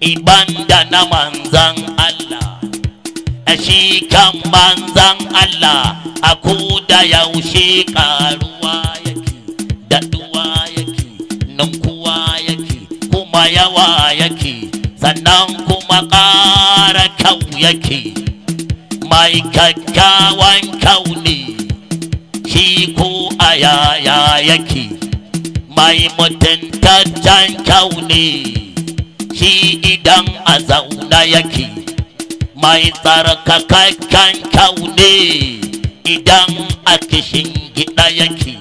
Speaker 1: iban da na manzan Allah a shi kan manzan Allah a da yaushe karuwa yake daduwa yake ninkuwa yake kuma yawa yake sannan kuma ƙara kau yake mai kakkawan kau ne shi ko a yaya yake mai mutuntaccen kyau ne shi idan a zauna yake mai tsarkakakken kyau ne idan a kishin gida yake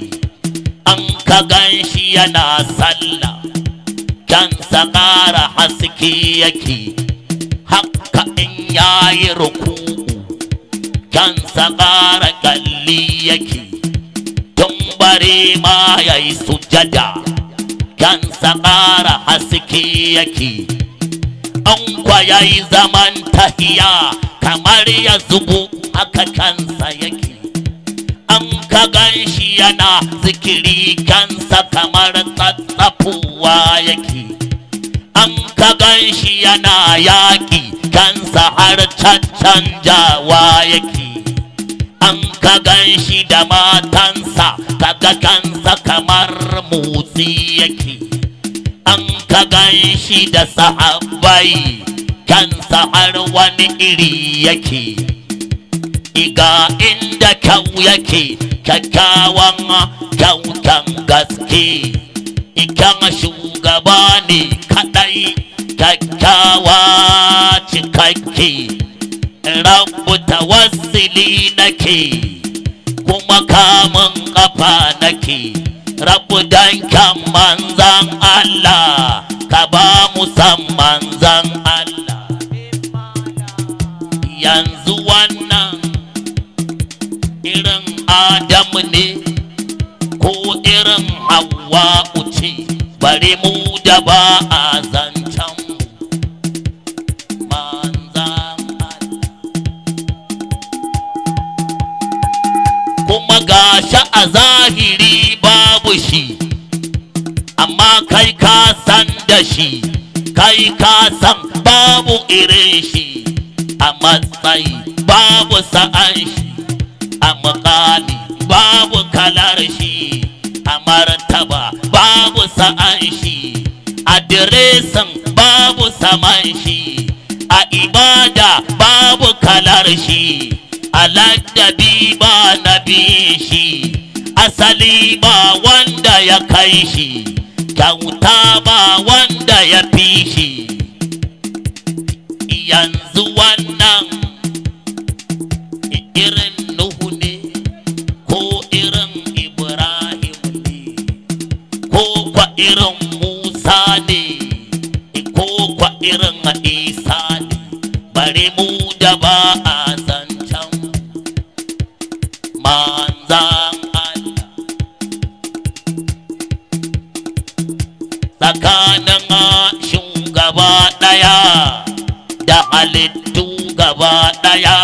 Speaker 1: an ka gan shi yana sallah can ƙara haske yake haka in yayi ruku kyansa ƙara kalli yake bari ma ya yi sujada kansa sakara haske yake an kwa ya yi zaman tahiya kamar ya zubu haka kansa yake an ka gan shi yana zikiri kansa kamar tsatsafuwa yake an ka gan shi yana yaki kansa har caccanjawa yake an ka gan shi da matansa kaga kansa kamar motsi yake an ka gan shi da sahabbai kansa har wani iri yake iga inda kyau yake kyakkyawan kyautan gaske ikan shugaba ne kaɗai kyakkyawa cikakke rabu tawassili nake kuma kamun kafa nake rabu dan kan manzan Allah ka ba mu san manzan Allah yanzu wannan irin adamu ne ko irin hawa uce bari mu da ba a zan gashi a zahiri babu shi amma kai ka san da shi kai ka san babu irin shi a matsayi babu sa'an shi a makali babu kalar shi a martaba babu sa'an shi a diresan babu saman shi a ibada babu kalar shi aladabi ba nabi shi asali ba wanda ya kai shi kyauta ba wanda ya fi shi yanzu wannan irin nuhu ne ko irin ibrahim ne ko kwa irin musa ne ko kwa irin isa ne bari mu da ba a tsakanin shugaba ɗaya da halittu gaba ɗaya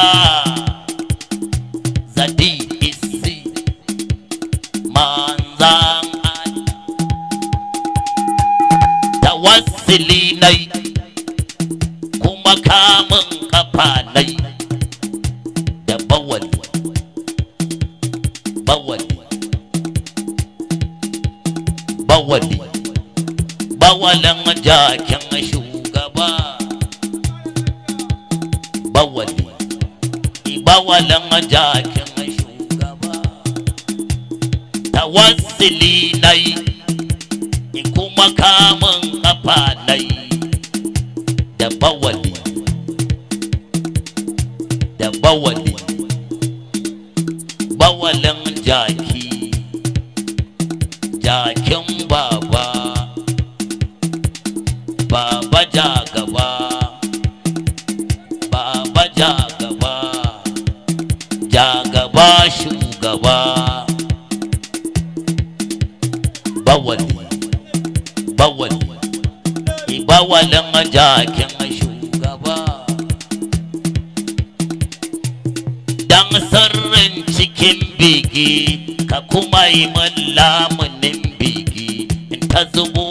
Speaker 1: ka kuma yi mallamin lamunin biki in ta zubo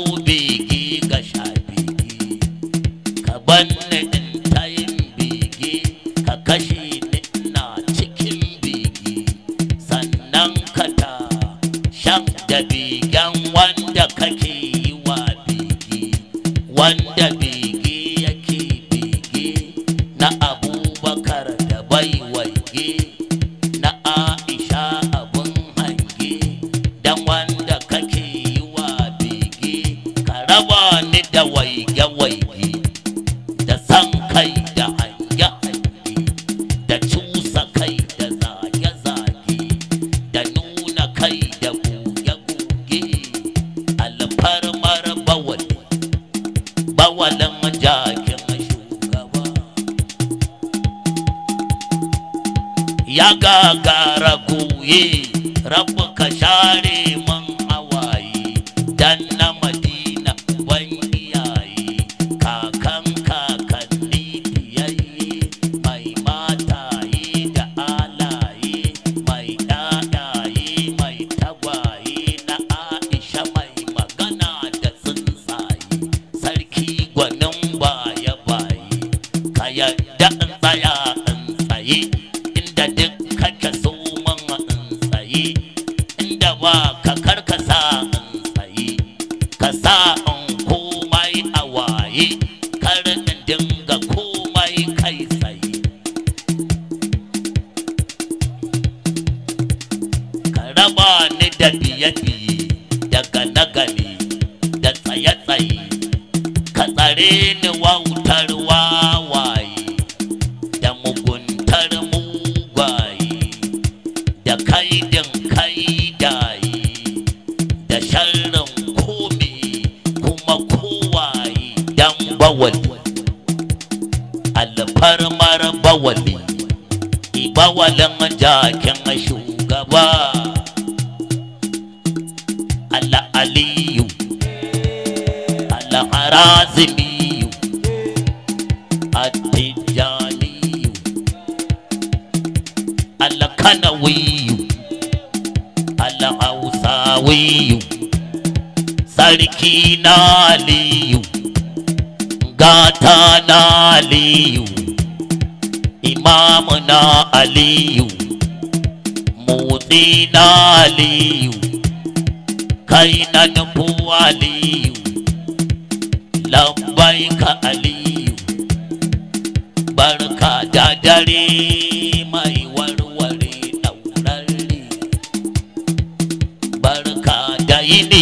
Speaker 1: barka da yini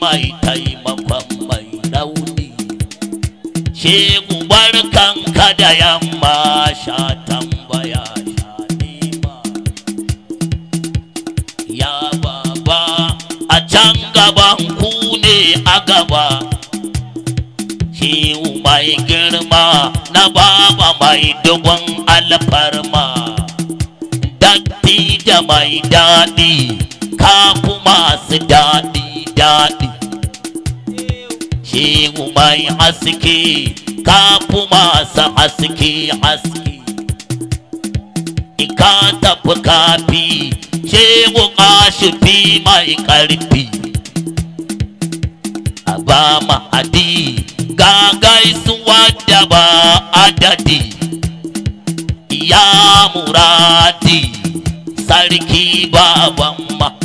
Speaker 1: mai taimakon mai rauni shegu barkan ka da yamma sha tambaya sha nima ya baba a can gaban ku ne a gaba shehu mai girma na baba mai dubon alfarma datti da mai daɗi kafu masu daɗi daɗi shehu mai haske kafu masu haske haske ika tafi kafi shi fi mai ƙarfi a ba maadi ga gaisuwa da ba adadi ya muradi sarki baban mahadi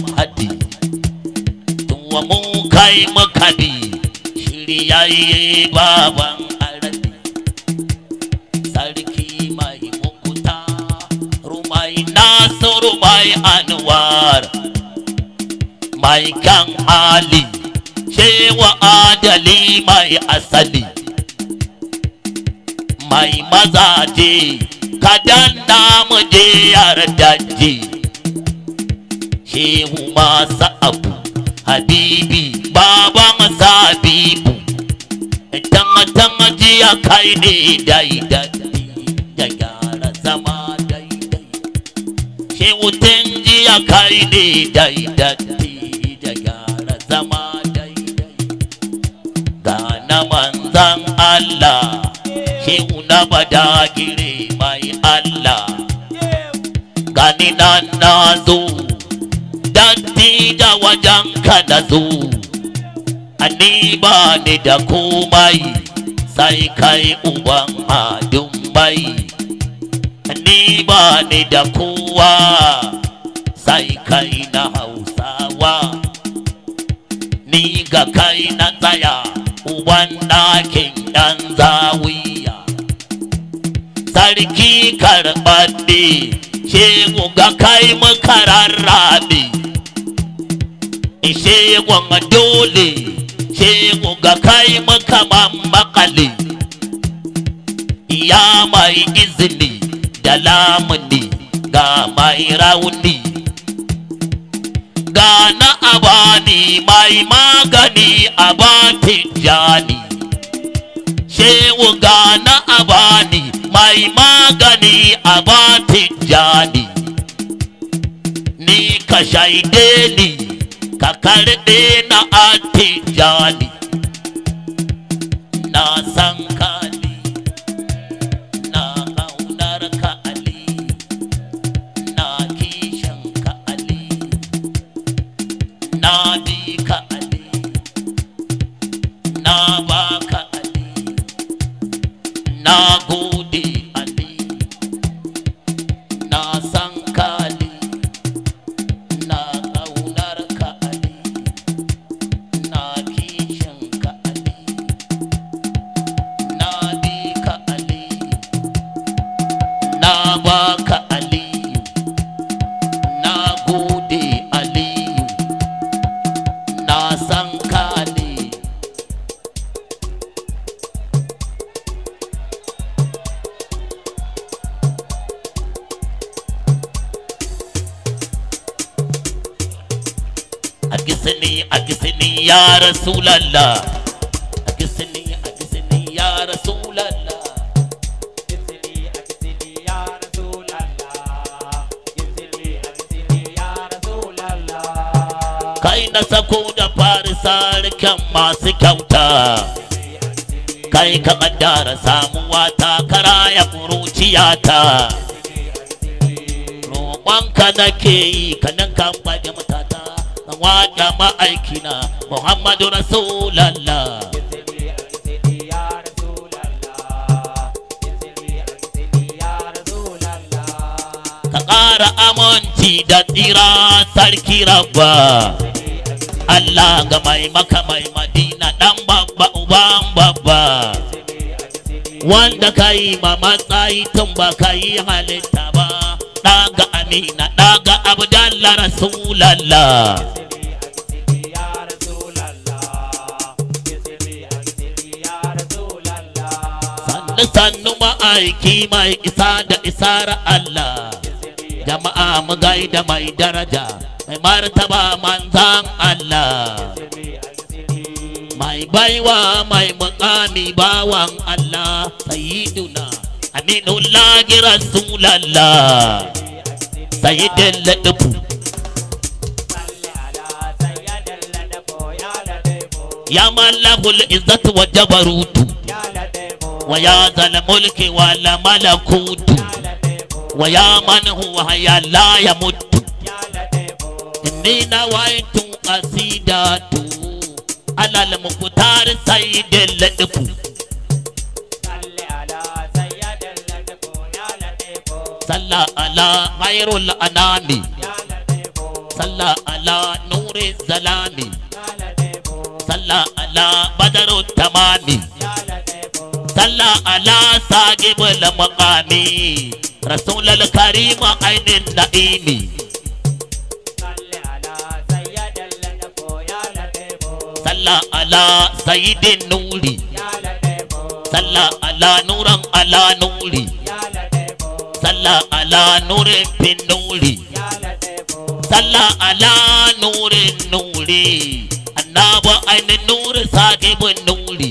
Speaker 1: wa mu kai ya yi baban arabi sarki mai mukuta rumai nasiru mai anwar mai kan hali cewa adali mai asali mai mazaje kadan namu je yar daji shehu masa abu habibi baba habibu tanga tanga jiya kai ne dai da zama dai dai ke wutan jiya kai ne dai da gyara zama dai dai ga na manzan Allah ke una badagire mai Allah gani nan na zo da wajanka ka zu Ani ni ba ni da komai sai kai uban adun mai ni ba ni da kowa sai kai na hausawa ni ga kai na tsaya uban ɗakin ɗan zawi sarki karɓaɓɓe ce ga kai makararraɓe shegu ga dole shegu ga kai makaman makale ya mai izini da lamuni ga mai rauni gana abani mai magani abafin jani shewu na abani mai magani a batin jani ni ka shaide ni ka karɗe na kai na sako da fari sarkin masu kyauta kai ka kaddara samuwa ta karaya kuruciyata roƙonka nake yi ka nan kan baje matata na waƙa ma'aikina محمد رسول الله ƙara aminci da tsira sarki rabba Allah ga mai maka mai madina ɗan babba uban babba wanda Kayi, ma matsayi tun ba ka yi halitta ba ɗaga amina ɗaga abdallah rasulallah sannu ma aiki mai isa isara Allah jama'a mu gaida mai daraja mai martaba manzan Allah mai baiwa mai mukami bawang Allah sayyiduna aminullah Allah. sayyidul ladbu Ya malakul izzat wa jabarutu waya zal mulki wa la malakut waya man huwa ya la ya mut inni na wa tu asida tu alal muqtar sayd al ladbu salla ala sayd la debu salla ala ghayr anami ya salla ala nur al zalami ala badr al tamani Salla Ala sa ke mu lami ka na. Rasulala Karima, aini Na'imi. Salla Ala, Sayidi nuli. Salla Ala, nuran Ala nuli. Salla Ala, nurin bi nuli. Salla Ala, nurin nuli. A naba aini nuri sa ke mu nuli.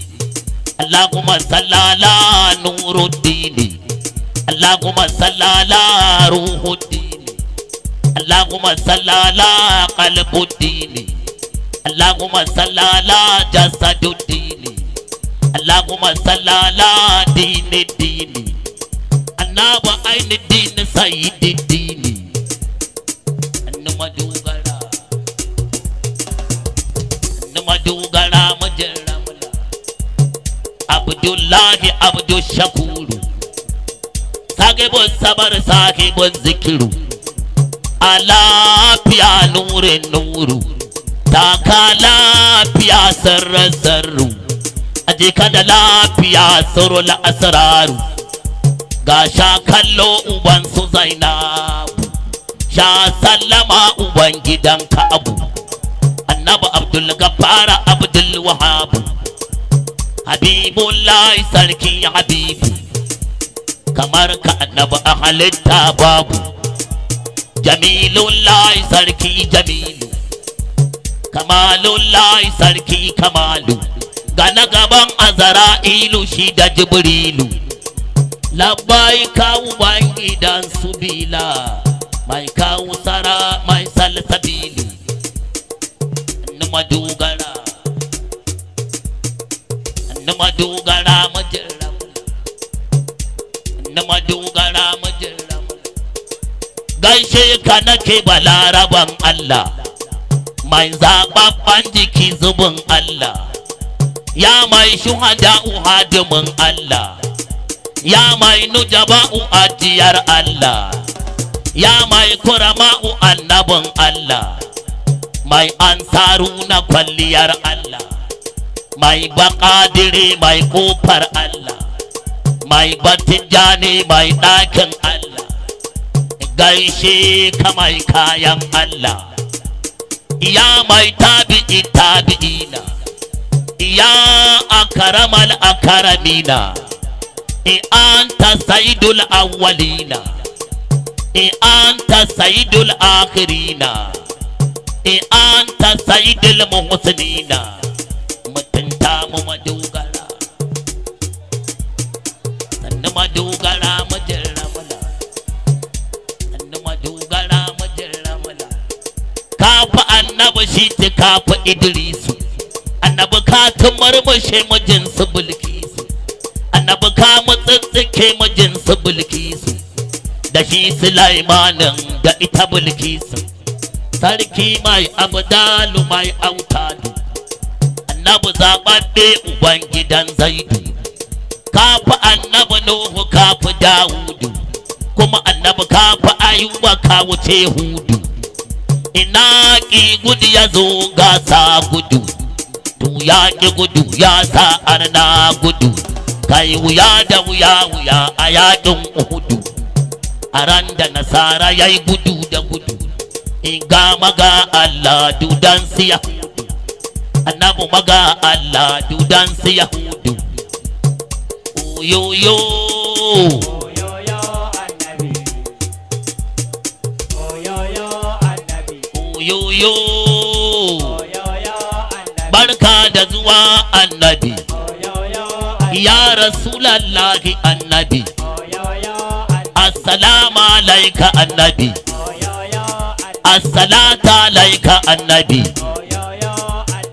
Speaker 1: اللهم صل على نور الدين اللهم صل على روح الدين اللهم صل على قلب الدين اللهم صل على جسد الدين اللهم صل على دين الدين الناب عين الدين سيد الدين نمدوغرا نمدوغرا مجرى abdullahi abdu shakuru sahibin sabar sahibin zikiru a lafiya nurin nuru taka lafiya sarrar a jika da lafiya tsoro asararu ga sha kallo uban su zainabu sha sallama uban gidan ka abu annabi abdul gaffara abdul wahabu habibullahi sarki habibu kamar ka annabi a halitta babu jamilullahi sarki jamilu kamalullahi sarki kamalu Gana na gaban azara'ilu shi da jibrilu labai kawu bayan idan su bila mai kawu sara mai salsabili ni na madogara majin na madogara majin gaishe ka nake balaraban Allah mai zababban jiki zubin Allah ya mai shuhada hadimin Allah ya mai nujaba'u ajiyar Allah ya mai kurama'u annabin Allah mai ansaru na kwalliyar Allah mai bakadiri mai kofar Allah mai jani mai ɗakin Allah gaishe ka mai kayan Allah ya mai tabi'i tabi'ina ya akaramal akaramina e anta saidul awwalina e anta saidul akhirina e anta saidul muhsinina mu madogara sannu madogara mu jirramula sannu madogara mu jirramula kafa annabi shi ta kafa annabi ka marmashe mijinsu bilkisu annabi ka mutsitsike mijinsu bilkisu da shi sulaimanin da ita bilkisu sarki mai abdalu mai autadu annabi zaɓaɓɓe uban gidan zaidu kafi annabi nuhu kafi dawudu kuma annabi kafi ayuba kawo wuce hudu ina ki gudu ya zo ga gudu tu ya ki gudu ya sa arna gudu kai wuya da wuya wuya a yaƙin uhudu a ran nasara ya gudu da gudu in gama ga Allah dudan siya annabu maga Allah do dance yahudu oyoyo oyoyo barka da zuwa annabi ya rasulallahi annabi assalamu alaika annabi assalata yo annabi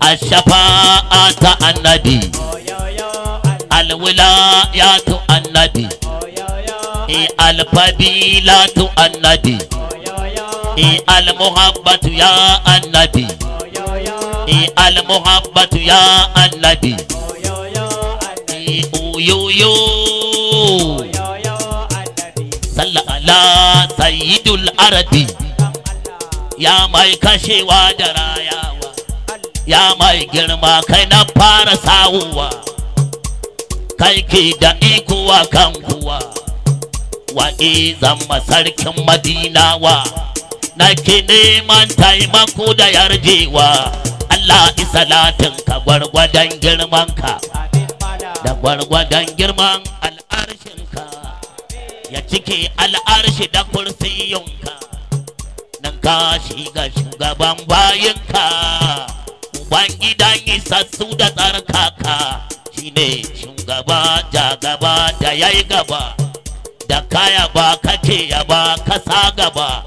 Speaker 1: Ashapa ta anadi. Alwila ya tu anadi. I alpadila tu anadi. I almuhabbat ya anadi. I ya anadi. I uyu uyu. Salala Sayyidul Aradi. Ya maikashi wa jaraya. ya mai girma kai na fara sawuwa kai ki da ikuwa kan kuwa Wa zama sarkin madinawa Na ki neman taimako da yarjewa Allah salatin ka gwargwadon girmanka da gwargwadon girman ka. ya cike al'arshi da ka nan ka shiga shugaban bayinka dangi isassu da tsarkaka shine shugaba ja gaba da yayi gaba da kaya ba kake ba kasa gaba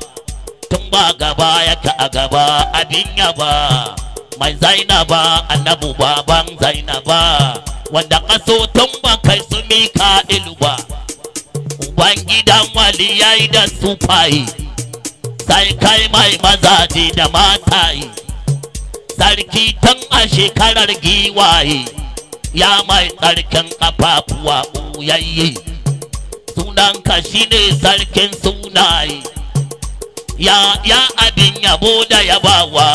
Speaker 1: tun ba gaba yake a gaba abin yaba mai zainaba annabu baban zainaba wanda kaso tun ba kai su mika ba ubangidan wali yayi da sufayi sai kai mai mazaje da matayi sarki tun a shekarar giwaye ya mai tsarkin kafafuwa ɓoyayye sunanka shine sarkin sunaye ya ya abin yabo da yabawa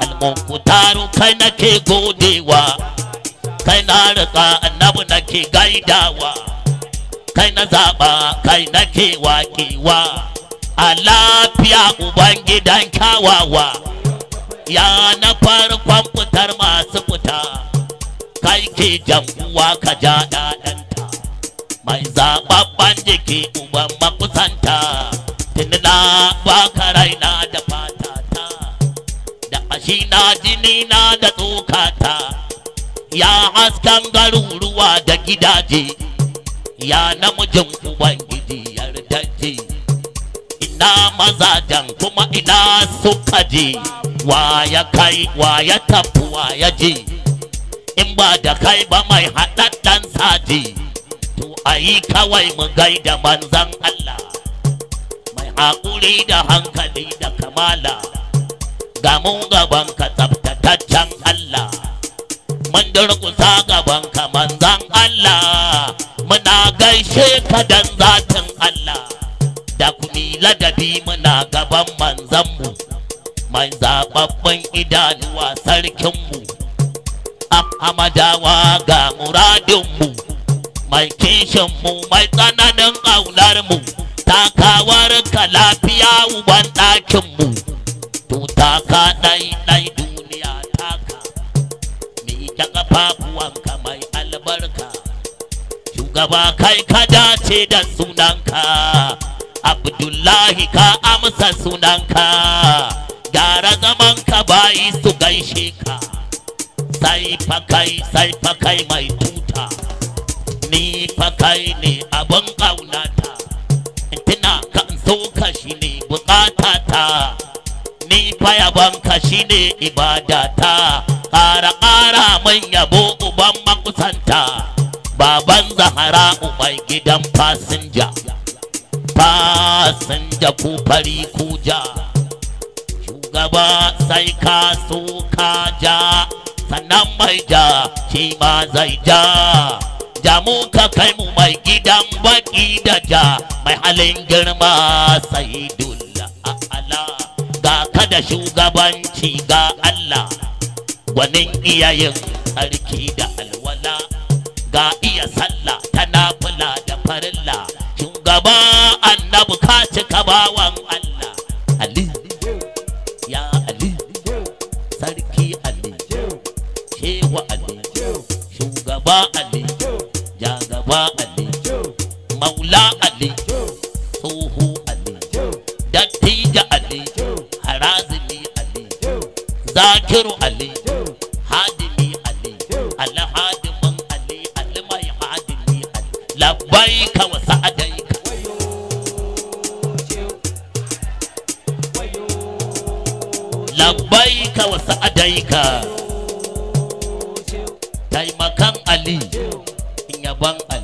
Speaker 1: almunkutaru kai nake godewa kai na riƙa annabu nake gaidawa kai na zaɓa kai nake wakewa a lafiya ubangidan kyawawa ya na farkon fitar masu fita kai ke jamuwa ka ja ɗaɗanta mai zababban jiki uban makusanta tuni na ka raina da fatata da ashi na jini na da tsokata ya haskan garuruwa da gidaje ya namijin ubangiji daji. ina mazajen kuma ina suka ya kai waya tafi ya ji in ba da kai ba mai haɗaɗɗen sadi to a kawai mu gaida manzan Allah mai haƙuri da hankali da kamala ga mu gaban ka tsabtataccen Allah mun durƙusa gaban ka manzan Allah muna gaishe ka dan zatin Allah da kuma ladabi muna gaban manzan mu mai zababban idanuwa sarkinmu amadawa ga muradinmu mai kishin mu mai tsananin aularmu takawar ka lafiya uban ɗakinmu tuta ka ɗai ɗai duniya taka miƙe ƙafafuwanka mai albarka shugaba kai ka dace da sunanka abdullahi ka amsa sunanka gyara zaman ka bayi su gaishe ka sai fakai sai fakai mai tuta ni fakai ne abin ƙaunata tuna kan sauka shi ne ta ni fayabanka shi ne ibadata ƙara ƙara man yabo uban makusanta baban zahara mai gidan fasinja fasinja ku fari ku ja gaba sai ka so ka ja sannan mai ja shi ma zai ja ja mu ka kai mu mai gidan baki da ja mai halin girma sai dulla ala. ga ka da shugabanci ga Allah gwanin iyayen sarki da alwala ga iya sallah tana fula da farilla shugaba annabuka ka cika bawan Allah shugaba ali gaba ali maula ali tsoho ali dattija ali harazili ali zakiru ali hadili ali alhadimin ali almai hadili ali labbaika wa sa'adaika labbaika wa sa'adaika 帮。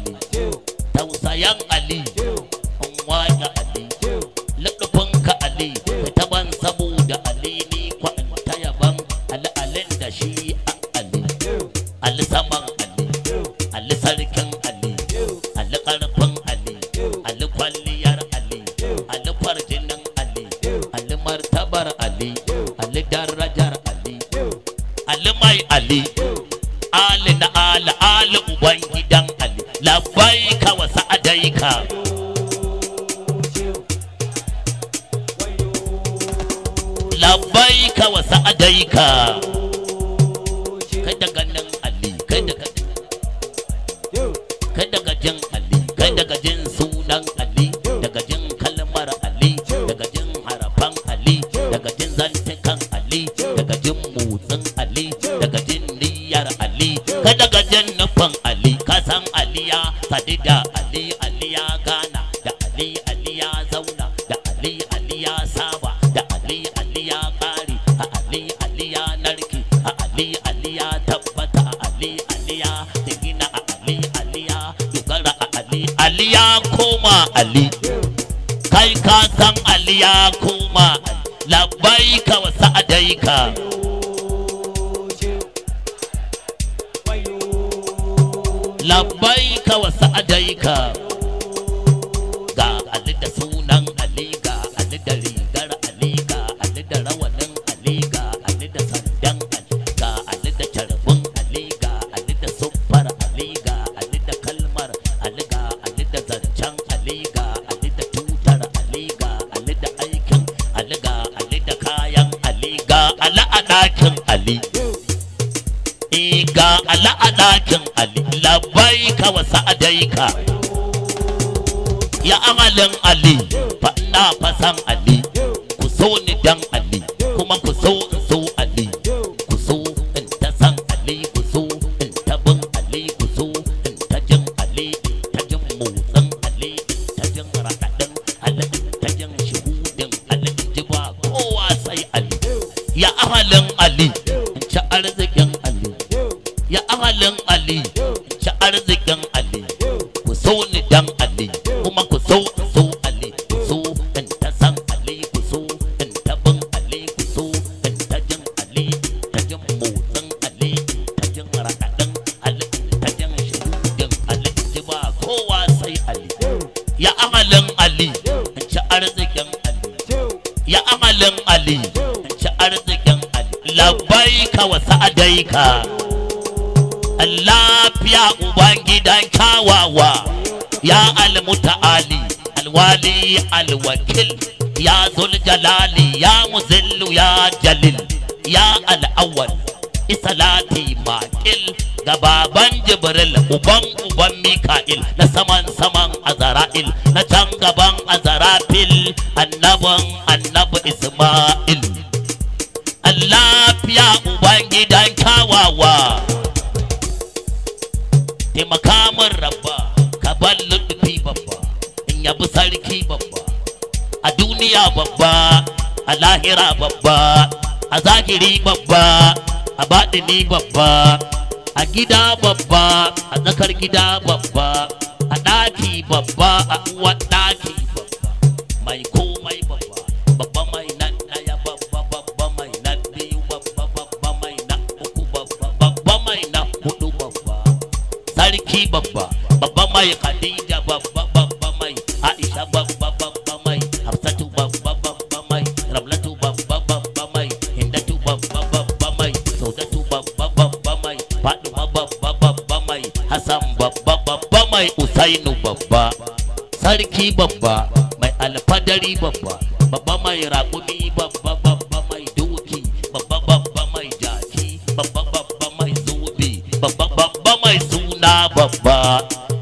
Speaker 1: ɗakin Ali labbaika wa sa'adaika ya amalin Ali fa ina fasan Ali ku so ni dan Ali kuma ku so in المتعالي الوالي الوكيل يا ذو الجلال يا مذل يا جليل يا الأول isalati makil ga baban jibril uban uban mika'il na saman saman azra'il na can gaban azarafil annaban babba a zahiri babba a baɗini babba a gida babba a zakar gida babba a ɗaki babba a sarki babba mai alfadari babba babba mai raƙumi babba babba mai doki babba babba mai jaki babba babba mai zobe babba babba mai suna babba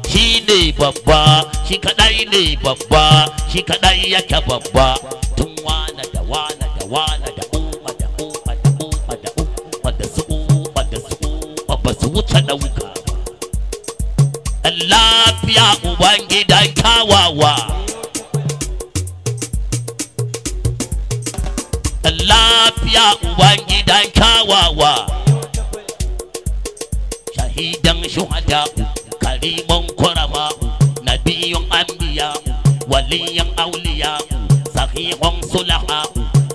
Speaker 1: shi ne babba shi kaɗai ne babba shi kaɗai yake babba gidan shuhada kariman kurama nabiyun anbiya waliyan auliya sahihun sulaha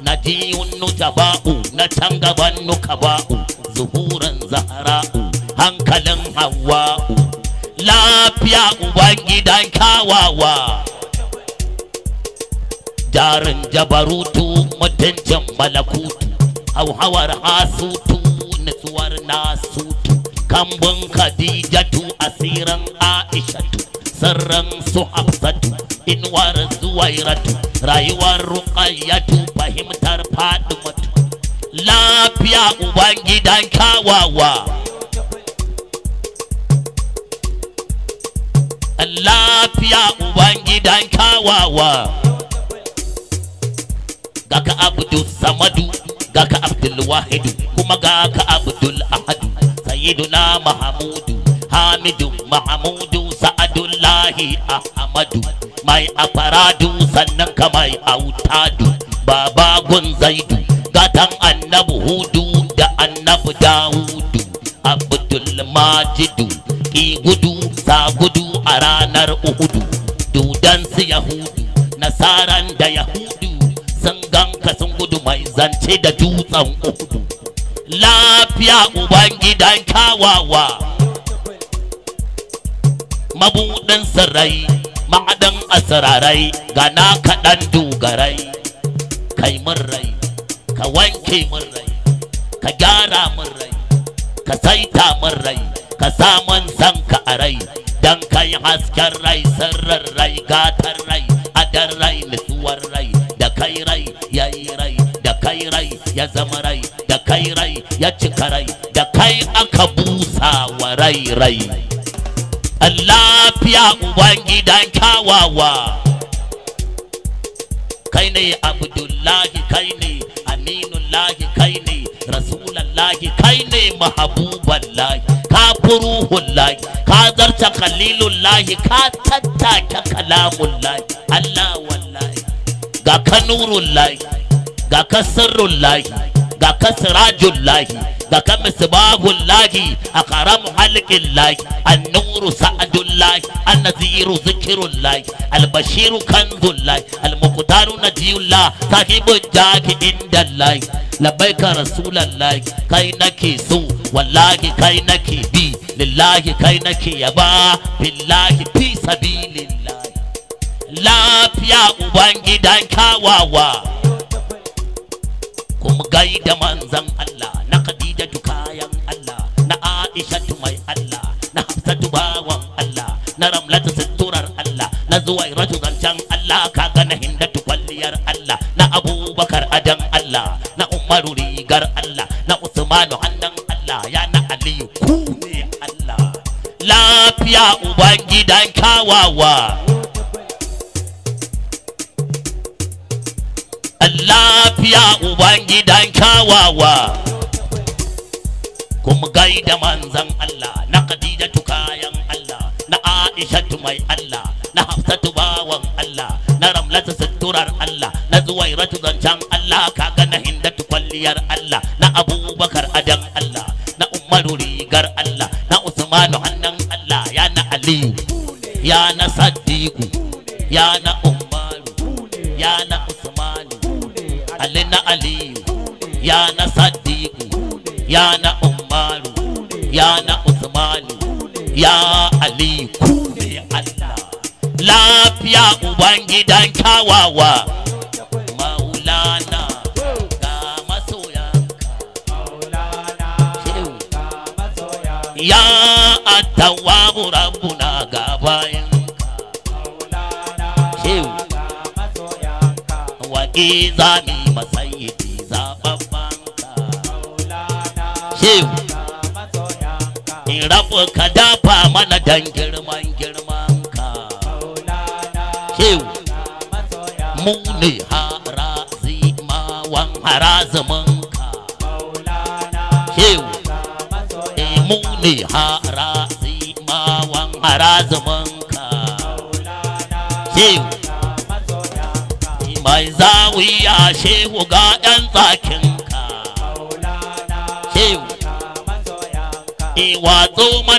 Speaker 1: najiyun nujaba na can gaban nukaba'u zuhuran zahara'u hankalin hawa lafiya uban gidan kawawa jarin jabarutu mutuncin malakutu hauhawar hasutu nutsuwar nasu kambun khadijatu asiran aishatu sarran su hafsatu inwar zuwairatu rayuwar ruqayyatu fahimtar fadimatu lafiya ubangidan kawawa lafiya ubangidan kawawa ga ka abdul samadu ga ka abdul wahidu kuma ga ka abdul sayyiduna mahamudu hamidu mahamudu sa'adullahi ahmadu mai afaradu sannan ka mai autadu baba gun zaidu gatan annabi hudu da annabi dawudu abdul majidu igudu sagudu aranar a ranar uhudu dudansu yahudu nasaran da yahudu sun sun gudu mai zance da dutsen uhudu lafiya ubangidan kawawa mabuɗin sarai ma'adan asararai gana kaɗan dogarai kai min rai ka wanke min rai ka gyara min rai ka saita min rai ka saman sanka arai a rai don kai hasken rai sirrin rai gatar rai adar rai nutsuwar rai da kai rai yayi rai da kai rai ya zama rai kai rai ya cika rai da kai aka busa wa rai rai lafiya ubangidan kyawawa kai ne abdullahi kai ne aminullahi kai ne rasulallahi kai ne mahabuballahi ka furuhullahi ka zarta kalilullahi ka tattaka kalamullahi allah wallahi ga ka nurullahi ga ka sirrullahi ga kasrajul lahi ga kamisbahul lahi akram halqil lahi annuru sa'adun lahi annaziru zikrul lahi albashiru kanzul lahi almuqtaru najiyul lahi sahibul jahi inda lahi labbaika rasulallahi kai nake so wallahi kai nake bi lillahi kai nake yaba billahi fi sabilillahi lafiya ubangidan kawawa kuma gaida manzan Allah na Khadija kayan Allah na Aisha mai Allah na Hafsatu bawan Allah na Ramlatu suturar Allah na Zuwairatu zancen Allah kaga na Hindatu kwalliyar Allah na Abubakar adan Allah na Umaru rigar Allah na Usmanu hannun Allah ya na Aliyu ku ne Allah lafiya ubangidan kawawa wawa kuma gaida manzan Allah na Khadijatu kayan Allah na Aishatu mai Allah na Hafsatu bawan Allah na Ramlatu suturar Allah na Zuwairatu zancen Allah kaga na Hindatu kwalliyar Allah shi zami masayidi zababban ka shehu in rabu ka dafa mana dangin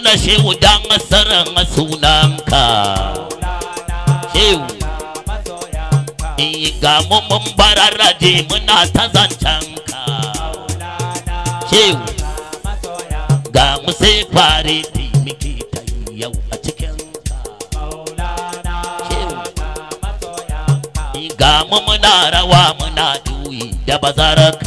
Speaker 1: Allah shehu dan ka sunanka shehu ga mun bararraje muna ta zancen ka shehu ga mu sai fare da muke ta yau a cikin ka ga mu muna rawa muna juyi da bazararka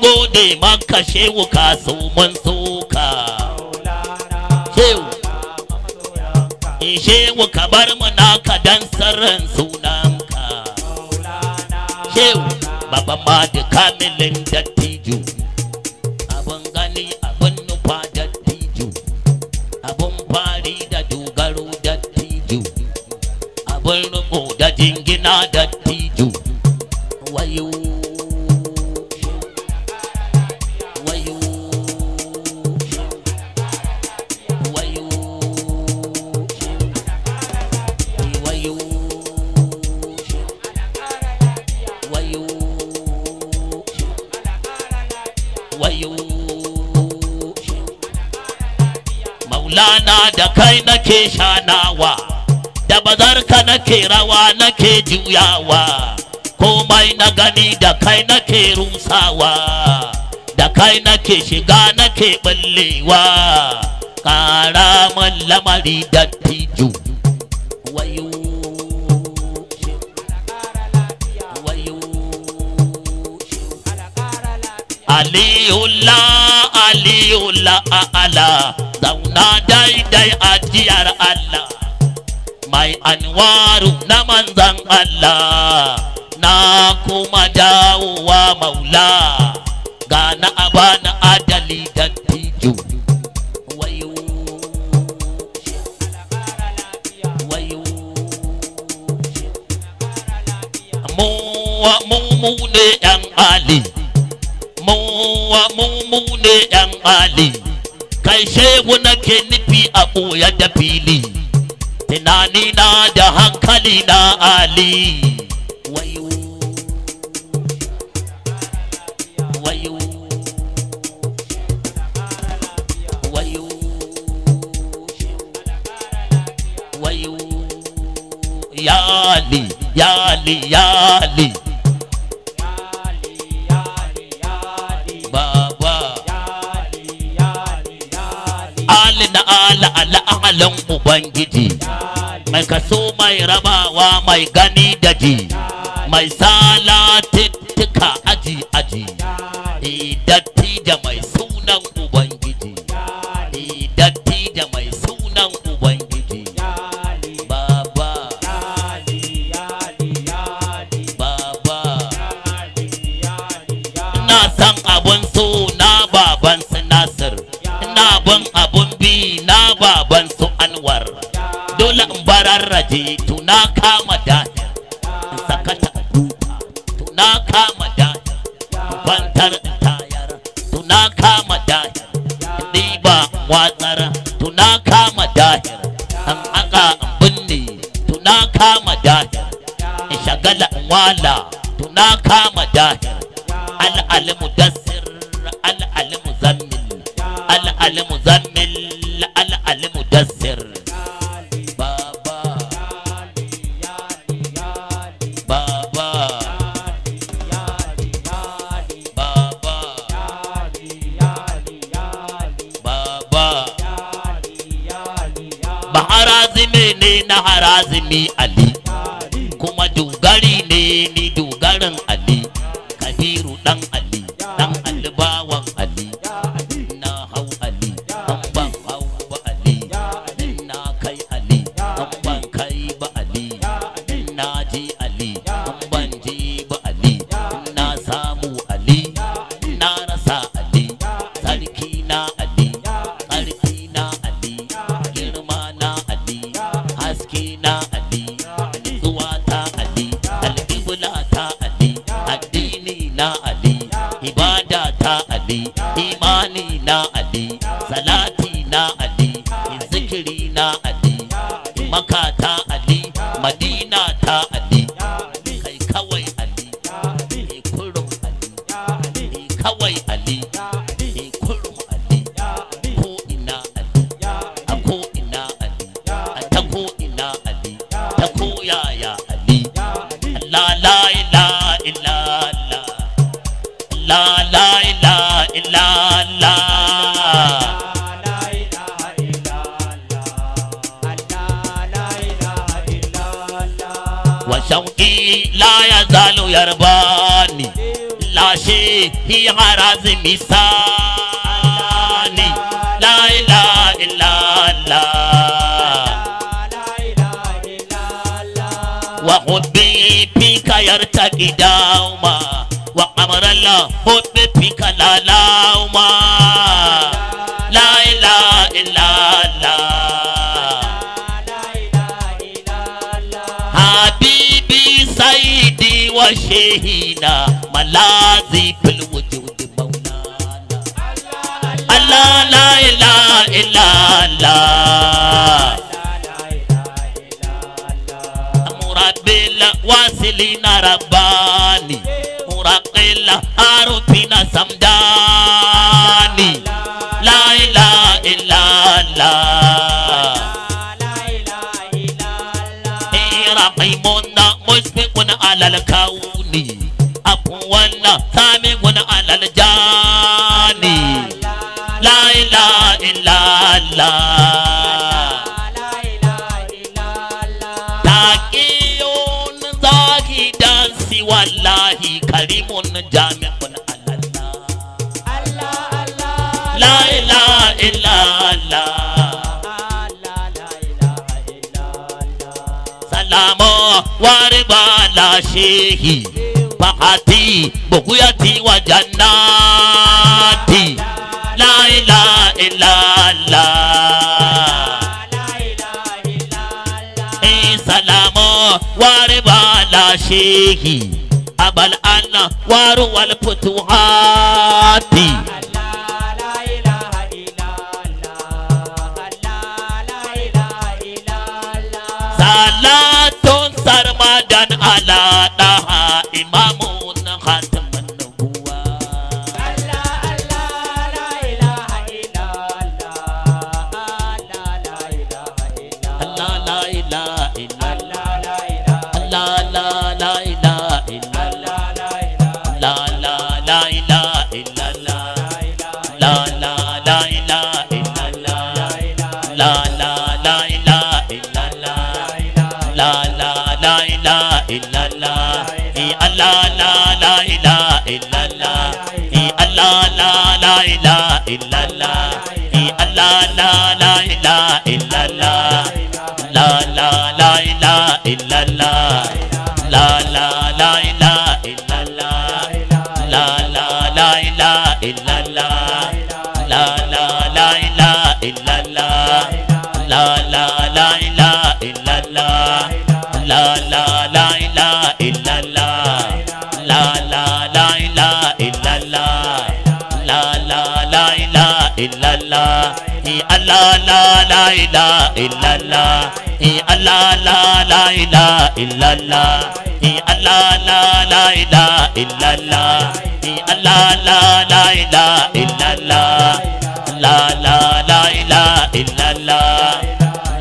Speaker 1: gode maka shehu ka su mun suka shehu shehu ka bar mu naka dan sarran ka shehu baba ma da kamilin dattijo abin gani abin nufa dattijo abin fari da dogaro dattijo abin rubo da jingina dattijo nake shanawa da bazarka nake rawa nake juyawa komai na gani da kai nake rusawa da kai nake shiga nake ballewa ƙara lamari da tiju wayo aliyulla aliyulla ala zauna daidai ajiyar Allah mai anwaru na manzan Allah na kuma dawowa maula gana abana adali dattijo mu yan ali mu ne yan ali kai shehu nake nufi a ɓoye da fili tunani na da hankali na ali wayo wayo wayo wayo yali, yali, yali. alli na ala ala ubangiji mai kaso mai rabawa mai gani da ji mai salatittika aji aji idan da mai واصلنا رباني وراق العارفين سمداني لا إله إلا الله رحمنا مسبقنا على الكون أبوانا سامقنا على الجاني لا إله إلا الله الله كريم جامع على الله الله الله لا إله إلا الله سلام ورضا لا شيء فحتي بقيتي وجناتي لا إله إلا الله سلام abal anna waru wal futuhati salatun dan ala daha imamu إلا الله الله لا لا إله إلا الله الله لا لا إله إلا الله الله لا لا إله إلا الله إلا الله لا لا لا لا إلا الله لا لا لا لا إلا الله لا لا لا لا إلا الله لا لا لا لا إلا الله لا لا لا لا إلا الله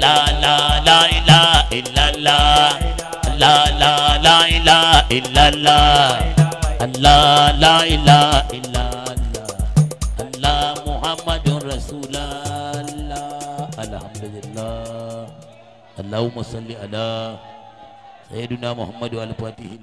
Speaker 1: لا لا لا لا إلا الله لا لا لا لا إلا الله لا لا لا لا Allahumma salli ala Sayyiduna Muhammad wa al-Fatihi